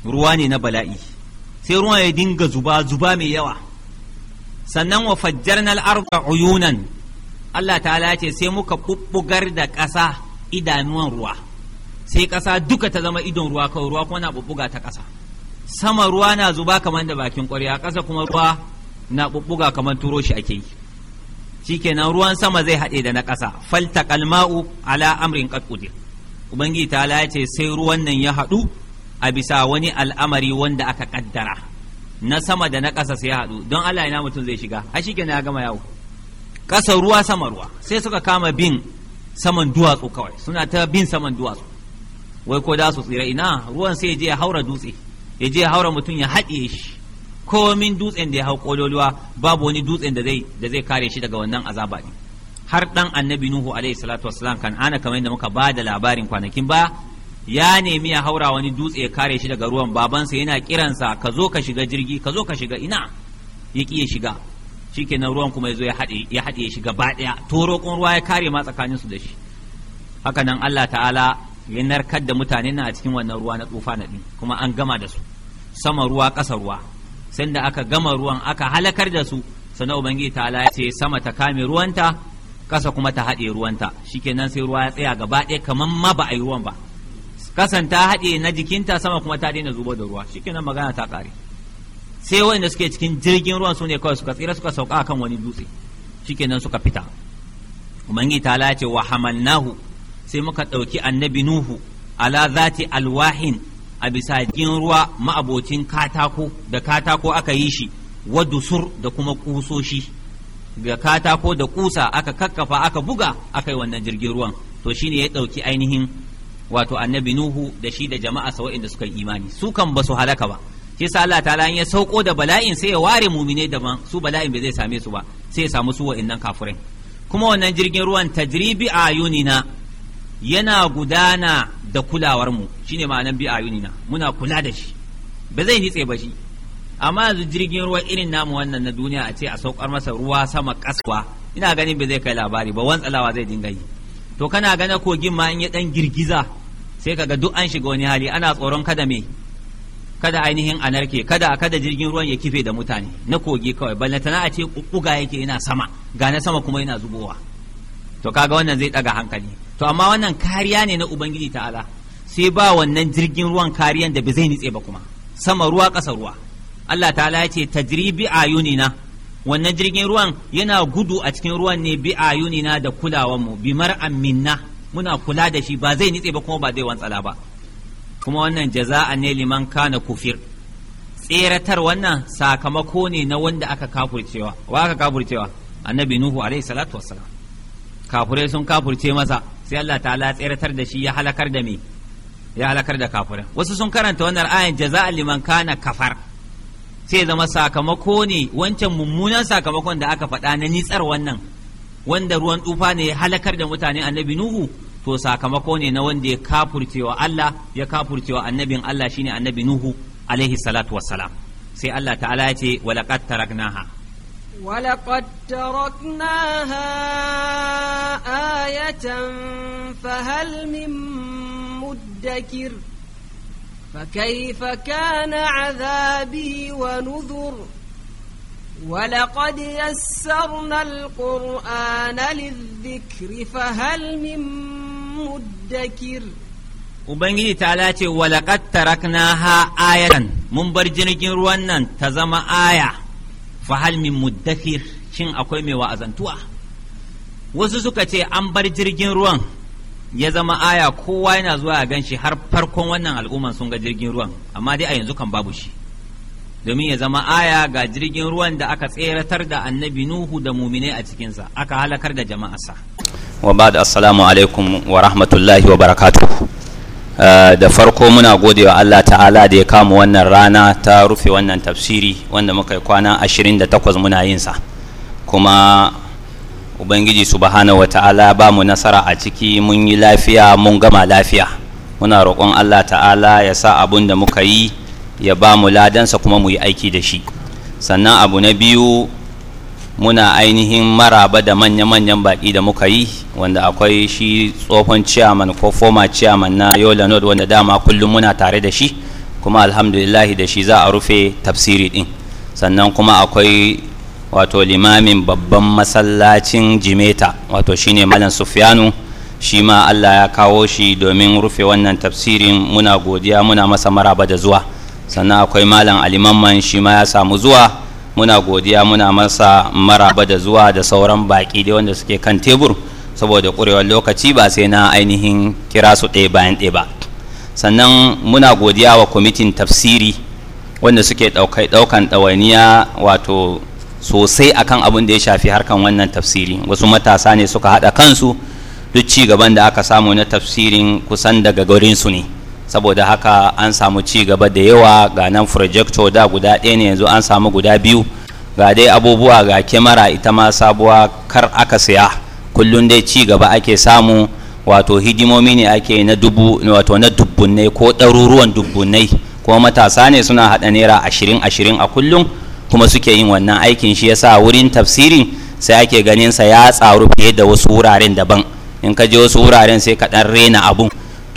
ruwa ne na bala'i sai ruwan ya dinga zuba zuba mai yawa sannan wa na al'arba uyunan Allah ta ce sai muka bubbugar da ƙasa idanuwan ruwa sai ƙasa duka ta zama idon ruwa kawai ruwa kuma na bubbuga ta ƙasa sama ruwa na zuba kamar da bakin ƙwarya ƙasa kuma ruwa na bubbuga kamar turo shi ake yi shikenan ruwan sama zai haɗe da na ƙasa falta kalma'u ala amrin qad ubangiji ta ce sai ruwan nan ya haɗu a bisa wani al'amari wanda aka kaddara na sama da na ƙasa sai haɗu don Allah ina mutum zai shiga a shi ya gama yawo ƙasa ruwa sama ruwa sai suka kama bin saman duwatsu kawai suna ta bin saman duwatsu wai ko da su tsira ina ruwan sai je ya haura dutse ya je ya haura mutum ya haɗiye shi komin dutsen da ya hau kololuwa babu wani dutsen da zai da zai kare shi daga wannan azaba har dan annabi nuhu alaihi salatu wassalam kan ana kamar yadda muka ba da labarin kwanakin baya ya nemi ya haura wani dutse ya kare shi daga ruwan babansa yana kiransa ka zo ka shiga jirgi ka zo ka shiga ina ya ƙi ya shiga shikenan ruwan kuma ya zo ya haɗe shiga ba ɗaya to roƙon ruwa ya kare ma tsakanin su da shi haka nan Allah ta'ala ya narkar da mutane na a cikin wannan ruwa na tsufa na ɗin kuma an gama da su sama ruwa ƙasa ruwa sanda aka gama ruwan aka halakar da su sannan ubangiji ta'ala ya ce sama ta kame ruwanta ƙasa kuma ta haɗe ruwanta shikenan sai ruwa ya tsaya gaba ɗaya kamar ma ba a yi ruwan ba kasan ta haɗe na jikinta sama kuma ta daina zuba da ruwa shikenan magana ta ƙare sai wanda suke cikin jirgin ruwan sune kawai suka tsira suka sauka kan wani dutse shikenan suka fita umangi ta lace wa hamalnahu sai muka ɗauki annabi nuhu ala zati alwahin a bisa jirgin ruwa ma'abocin katako da katako aka yi shi wa dusur da kuma kusoshi ga katako da kusa aka kakkafa aka buga aka yi wannan jirgin ruwan to shine ya ɗauki ainihin wato annabi nuhu da shi da jama'a sa waɗanda suka yi imani su kan ba su halaka ba shi yasa Allah ta'ala ya sauko da bala'in sai ya ware mumine daban su bala'in bai zai same su ba sai ya samu su wa'annan kafirin kuma wannan jirgin ruwan tajribi ayunina yana gudana da kulawar mu shine ma'anan bi ayunina muna kula da shi ba zai nitse ba shi amma yanzu jirgin ruwa irin namu wannan na duniya a ce a saukar masa ruwa sama kaswa ina ganin ba zai kai labari ba wantsalawa zai dinga yi to kana gana kogin ma in ya dan girgiza sai kaga duk an shiga wani hali ana tsoron kada me kada ainihin anarke kada kada jirgin ruwan ya kife da mutane na kogi kawai tana a ce kuga yake yana sama ga na sama kuma yana zubowa to kaga wannan zai daga hankali to amma wannan kariya ne na ubangiji ta'ala sai ba wannan jirgin ruwan kariyan da ba zai nitse ba kuma sama ruwa ƙasa ruwa Allah ta'ala ya ce tajribi ayunina wannan jirgin ruwan yana gudu a cikin ruwan ne bi ayunina da kulawanmu bi mar'an minna muna kula da shi ba zai nitse ba kuma ba zai wantsala ba kuma wannan jaza'a ne liman kana kufir tseratar wannan sakamako ne na wanda aka kafurcewa wa aka kafurcewa annabi nuhu alaihi salatu wassalam kafurai sun kafurce masa sai Allah ta'ala tseratar da shi ya halakar da me ya halakar da kafurai wasu sun karanta wannan ayan jaza'a liman kana kafar sai zama sakamako ne wancan mummunan sakamakon da aka faɗa na nitsar wannan wanda ruwan tufa ne ya halakar da mutane annabi nuhu to sakamako ne na wanda ya kafurcewa Allah ya kafurcewa annabin Allah shine annabi nuhu alaihi salatu wassalam sai Allah ta'ala ya ce walaqad taraknaha ولقد تركناها muddakir, فهل من مدكر فكيف كان عذابي ونذر ولقد يسرنا القرآن للذكر فهل من مدكر Ubangiji ta lace walaƙat tarakna ha ayatan mun bar jirgin ruwan nan ta zama aya fahal min muddakir shin akwai mai wa'azantuwa wasu suka ce an bar jirgin ruwan ya zama aya kowa yana zuwa a shi har farkon wannan al'umman sun ga jirgin ruwan amma dai a yanzu kan babu shi domin ya zama aya ga jirgin ruwan da aka tseratar da annabi nuhu da mumine a cikinsa aka halakar da jama'arsa wa ba da assalamu alaikum wa rahmatullahi wa barakatuhu uh, da farko muna gode wa Allah ta'ala da ya kama wannan rana ta rufe wannan tafsiri wanda muka yi kwana 28 muna yin sa kuma ubangiji subhanahu wa ta'ala ba mu nasara a ciki mun yi lafiya mun gama lafiya muna roƙon Allah ta'ala ya sa abun da muka yi ya ba mu ladansa kuma mu yi aiki da shi sannan abu na biyu muna ainihin maraba da manya-manyan baƙi da muka yi wanda akwai shi tsohon ciyaman ko foma ciyaman na yola nod wanda dama kullum muna tare da shi kuma alhamdulillah da shi za a rufe tafsiri ɗin sannan kuma akwai wato limamin babban masallacin jimeta wato shine malam sufyanu shi ma allah ya kawo shi domin rufe wannan tafsirin muna godiya muna masa maraba da zuwa sannan akwai malam alimamman shi ma ya samu zuwa muna godiya muna masa maraba da zuwa da sauran baki dai wanda suke kan tebur saboda ƙurewar lokaci ba sai na ainihin kira su ɗaya bayan ɗaya ba sannan muna godiya wa kwamitin tafsiri wanda suke ɗaukan ɗawainiya wato sosai akan abin da ya shafi harkan wannan tafsiri wasu matasa ne suka haɗa kansu duk ci gaban da aka samu na tafsirin kusan daga garinsu ne saboda haka an samu ci gaba da yawa ga nan projector da guda ɗaya ne yanzu an samu guda biyu ga dai abubuwa ga kyamara ita ma sabuwa kar aka saya kullum dai ci gaba ake samu wato hidimomi ne ake na dubu wato na dubbunai ko ɗaruruwan dubunai kuma matasa ne suna haɗa naira ashirin ashirin a kullum kuma suke yin wannan aikin shi yasa wurin tafsirin sai ake ganin sa ya tsaru fiye da wasu wuraren daban in ka je wasu wuraren sai ka ɗan rena abun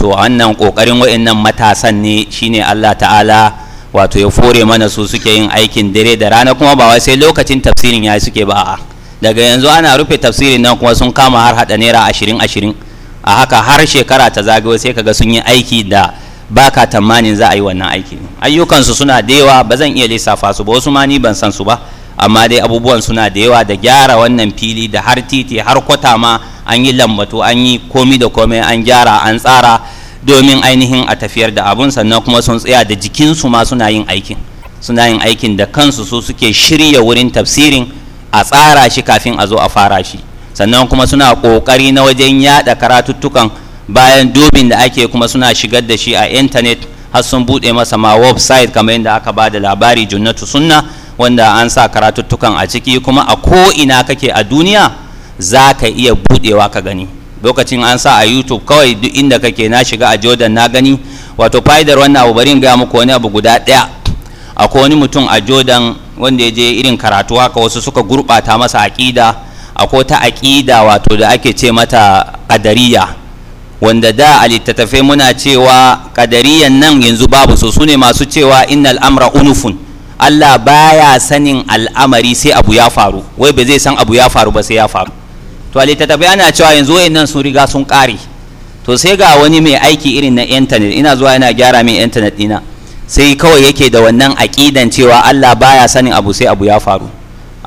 to wannan kokarin wa'annan matasan ne shine Allah ta'ala wato ya fore mana su suke yin aikin dare da rana kuma ba wai sai lokacin tafsirin ya suke ba a daga yanzu ana rufe tafsirin nan kuma sun kama har hada naira ashirin ashirin a haka har shekara ta zagayo sai kaga sun yi aiki da baka tamanin za a yi wannan aiki ayyukansu suna da yawa ba zan iya lissafa su ba wasu ma ni ban san su ba amma dai abubuwan suna da yawa da gyara wannan fili da har titi har kwata ma an yi lambatu an yi komai da komai an gyara an tsara domin ainihin a tafiyar da abun sannan kuma sun tsaya da jikinsu ma suna yin aikin suna yin aikin da kansu su suke shirya wurin tafsirin a tsara shi kafin a zo a fara shi sannan kuma suna ƙoƙari na wajen yaɗa karatuttukan bayan dubin da ake kuma suna shigar da shi a intanet har sun buɗe masa ma website kamar yadda aka ba da labari junnatu sunna wanda an sa karatuttukan a ciki kuma a ko ina kake a duniya za ka iya buɗewa ka gani lokacin an sa a youtube kawai duk inda kake na shiga a jordan na gani wato fa'idar wannan abu bari in gaya muku wani abu guda ɗaya akwai wani mutum a jordan wanda ya je irin karatu haka wasu suka gurɓata masa aƙida akwai ta aƙida wato da ake ce mata ƙadariya wanda da a littattafai muna cewa kadariyan nan yanzu babu so su ne masu cewa innal amra unufun Allah baya sanin al'amari sai abu ya faru wai ba zai san abu ya faru ba sai ya faru to ta littattafai ana cewa yanzu wayannan sun riga sun kare. to sai ga wani mai aiki irin na intanet ina zuwa yana gyara min intanet ɗina sai kawai yake da wannan aƙidan cewa Allah baya sanin abu sai abu ya faru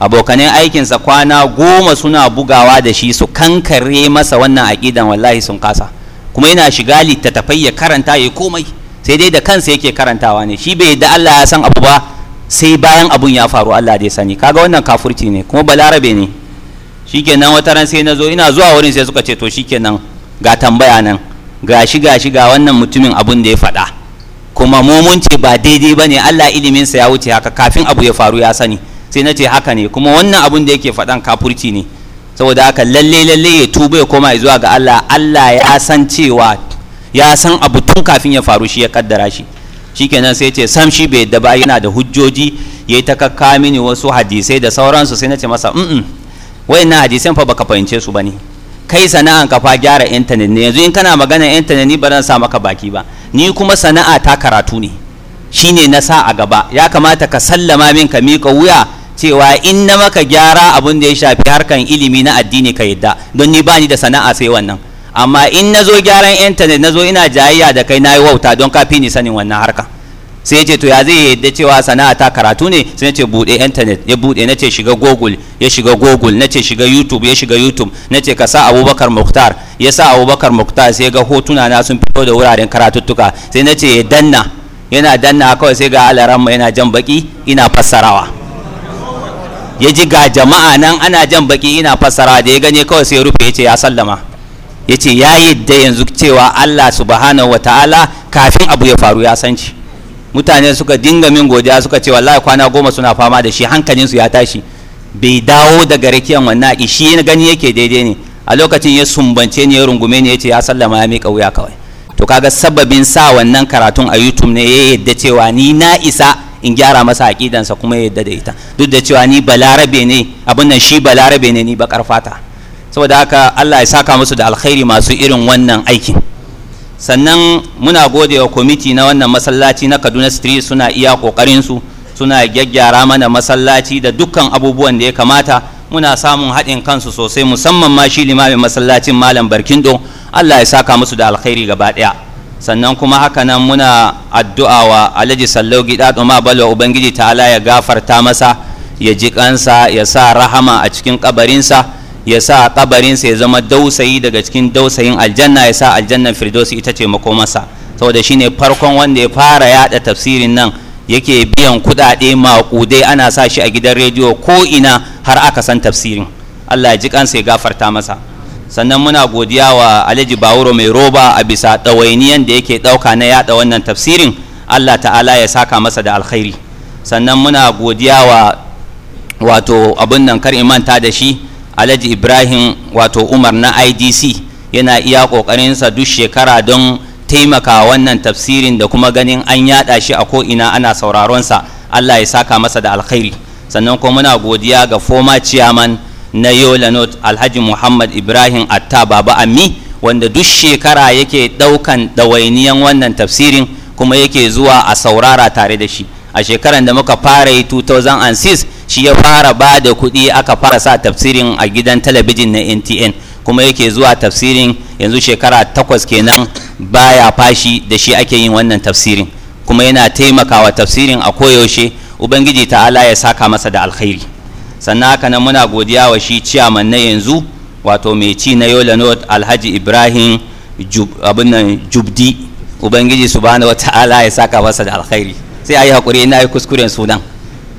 abokanin aikinsa kwana goma suna bugawa da shi su kankare masa wannan aƙidan wallahi sun kasa kuma yana shiga littattafai ya karanta ya komai sai dai da kansa yake karantawa ne shi bai da Allah ya san abu ba sai bayan abun ya faru Allah dai sani kaga wannan kafurci ne kuma balarabe ne shikenan wata ran sai na zo ina zuwa wurin sai suka ce to shikenan ga tambaya nan gashi gashi ga wannan mutumin abun da ya faɗa kuma mu mun ce ba daidai bane Allah ilimin sa ya wuce haka kafin abu ya faru ya sani sai na ce haka ne kuma wannan abun da yake faɗan kafurci ne saboda haka lalle lalle ya tuba ya koma zuwa ga Allah Allah ya san cewa ya san abu tun kafin ya faru shi ya kaddara shi shikenan sai ce sam shi bai yadda ba yana da hujjoji yayi ta kakka mini wasu hadisai da sauransu sai na ce masa mm Wai na hadisan fa baka fahimce su bane kai sana'an kafa fa gyara intanet ne yanzu in kana magana intanet ni ba zan sa maka baki ba ni kuma sana'a ta karatu ne shine na sa a gaba ya kamata ka sallama min ka mika wuya cewa in na maka gyara abun da ya shafi harkan ilimi na addini ka yadda don ni bani da sana'a sai wannan amma in na zo gyaran intanet na zo ina jayayya da kai na yi wauta don ka fi ni sanin wannan harkan sai ya ce to ya zai yadda cewa sana'a ta karatu ne sai ya ce buɗe internet ya buɗe na ce shiga google ya shiga google na ce shiga youtube ya shiga youtube na ce ka sa abubakar muktar ya sa abubakar muktar sai ga hotuna na sun fito da wuraren karatuttuka sai na ce ya danna yana danna kawai sai ga alaramma yana jan baki ina fassarawa ya ji ga jama'a nan ana jan baki ina fassarawa da ya gani kawai sai ya rufe ya ce ya sallama ya ce ya yadda yanzu cewa allah subhanahu Ta'ala kafin abu ya faru ya san shi mutane suka dinga min godiya suka ce wallahi kwana goma suna fama da shi su ya tashi bai dawo daga rakiyan wannan shi na gani yake daidai ne a lokacin ya sumbance ne ya rungume ne ya ce ya sallama ya mika wuya kawai to kaga sababin sa wannan karatun a youtube ne ya yadda cewa ni na isa in gyara masa sa kuma ya yadda da ita duk da cewa ni balarabe ne abin nan shi balarabe ne ni baƙar fata saboda haka allah ya saka musu da alkhairi masu irin wannan aikin sannan muna gode wa kwamiti na wannan masallaci na kaduna street suna iya ƙoƙarinsu suna gyaggyara mana masallaci da dukkan abubuwan da ya kamata muna samun haɗin kansu sosai musamman ma shi limamin masallacin malam barkindo allah ya saka musu da alkhairi gaba ɗaya sannan kuma haka nan muna addu'a wa alhaji sallau gida ɗuma balwa ubangiji ta'ala ya gafarta masa ya ji kansa ya sa rahama a cikin kabarinsa ya sa kabarinsa ya zama dausayi daga cikin dausayin aljanna ya sa aljannan firdausi ita ce makomasa saboda shine farkon wanda ya fara yada tafsirin nan yake biyan kudade maƙudai ana sa shi a gidan rediyo ko ina har aka san tafsirin Allah ya ji kansa ya gafarta masa sannan muna godiya wa Alhaji Bawuro mai roba a bisa ɗawainiyan da yake ɗauka na yada wannan tafsirin Allah ta'ala ya saka masa da alkhairi sannan muna godiya wa wato abin nan kar imanta da shi alhaji ibrahim wato umar na idc yana iya ƙoƙarinsa duk shekara don taimaka wannan tafsirin da kuma ganin an yaɗa shi a ko'ina ana sauraronsa allah ya saka masa da alkhairi sannan kuma muna godiya ga former chairman na yola note alhaji muhammad ibrahim atta baba ammi wanda duk shekara yake ɗaukan ɗawainiyan wannan tafsirin kuma yake zuwa a saurara tare da shi a shekaran da muka fara yi 2006 shi ya fara ba da kuɗi aka fara sa tafsirin a gidan talabijin na ntn kuma yake zuwa tafsirin yanzu shekara takwas kenan baya fashi da shi ake yin wannan tafsirin kuma yana taimakawa tafsirin a koyaushe ubangiji ta'ala ya saka masa da alkhairi sannan haka nan muna godiya wa shi ciyaman na yanzu wato mai ci na yola north alhaji ibrahim abinnan jubdi ubangiji subhanahu wa ta'ala ya saka masa da alkhairi sai a yi haƙuri ina yi kuskuren sunan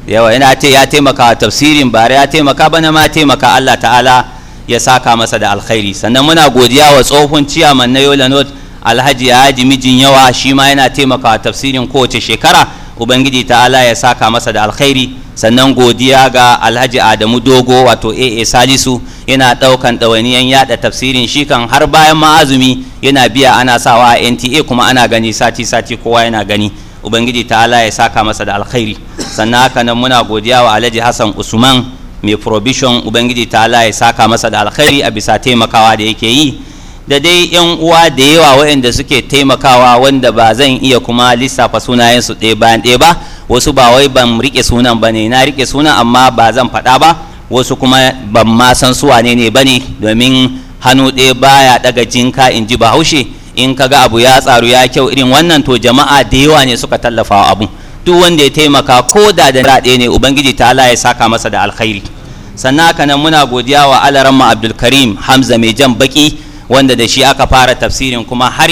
yawa yana ce ya taimaka tafsirin bare ya taimaka bana ma taimaka Allah ta'ala ya saka masa da alkhairi sannan muna godiya wa tsohon ciyaman na yola not alhaji ya haji mijin yawa shi ma yana taimaka tafsirin kowace shekara ubangiji ta'ala ya saka masa da alkhairi sannan godiya ga alhaji adamu dogo wato aa salisu yana ɗaukan ɗawainiyan yada tafsirin shi kan har bayan ma'azumi yana biya ana sawa a nta kuma ana gani sati sati kowa yana gani ubangiji ta'ala ya saka masa da alkhairi sannan haka nan muna godiya wa alhaji hassan usman mai provision ubangiji ta'ala ya saka masa da alkhairi a bisa taimakawa da yake yi da dai yan uwa da yawa waɗanda suke taimakawa wanda ba zan iya kuma lissafa sunayensu ɗaya bayan ɗaya ba wasu ba wai ban rike sunan ba ne na rike sunan amma ba zan faɗa ba wasu kuma ban ma san su wane ne ba ne domin hannu ɗaya baya ɗaga jinka in ji bahaushe in kaga abu ya tsaru ya kyau irin wannan to jama'a da yawa ne suka tallafa wa abu duk wanda ya taimaka ko da da raɗe ne ubangiji ta Allah ya saka masa da alkhairi sannan haka nan muna godiya wa alaramma abdul karim hamza mai jan baki wanda da shi aka fara tafsirin kuma har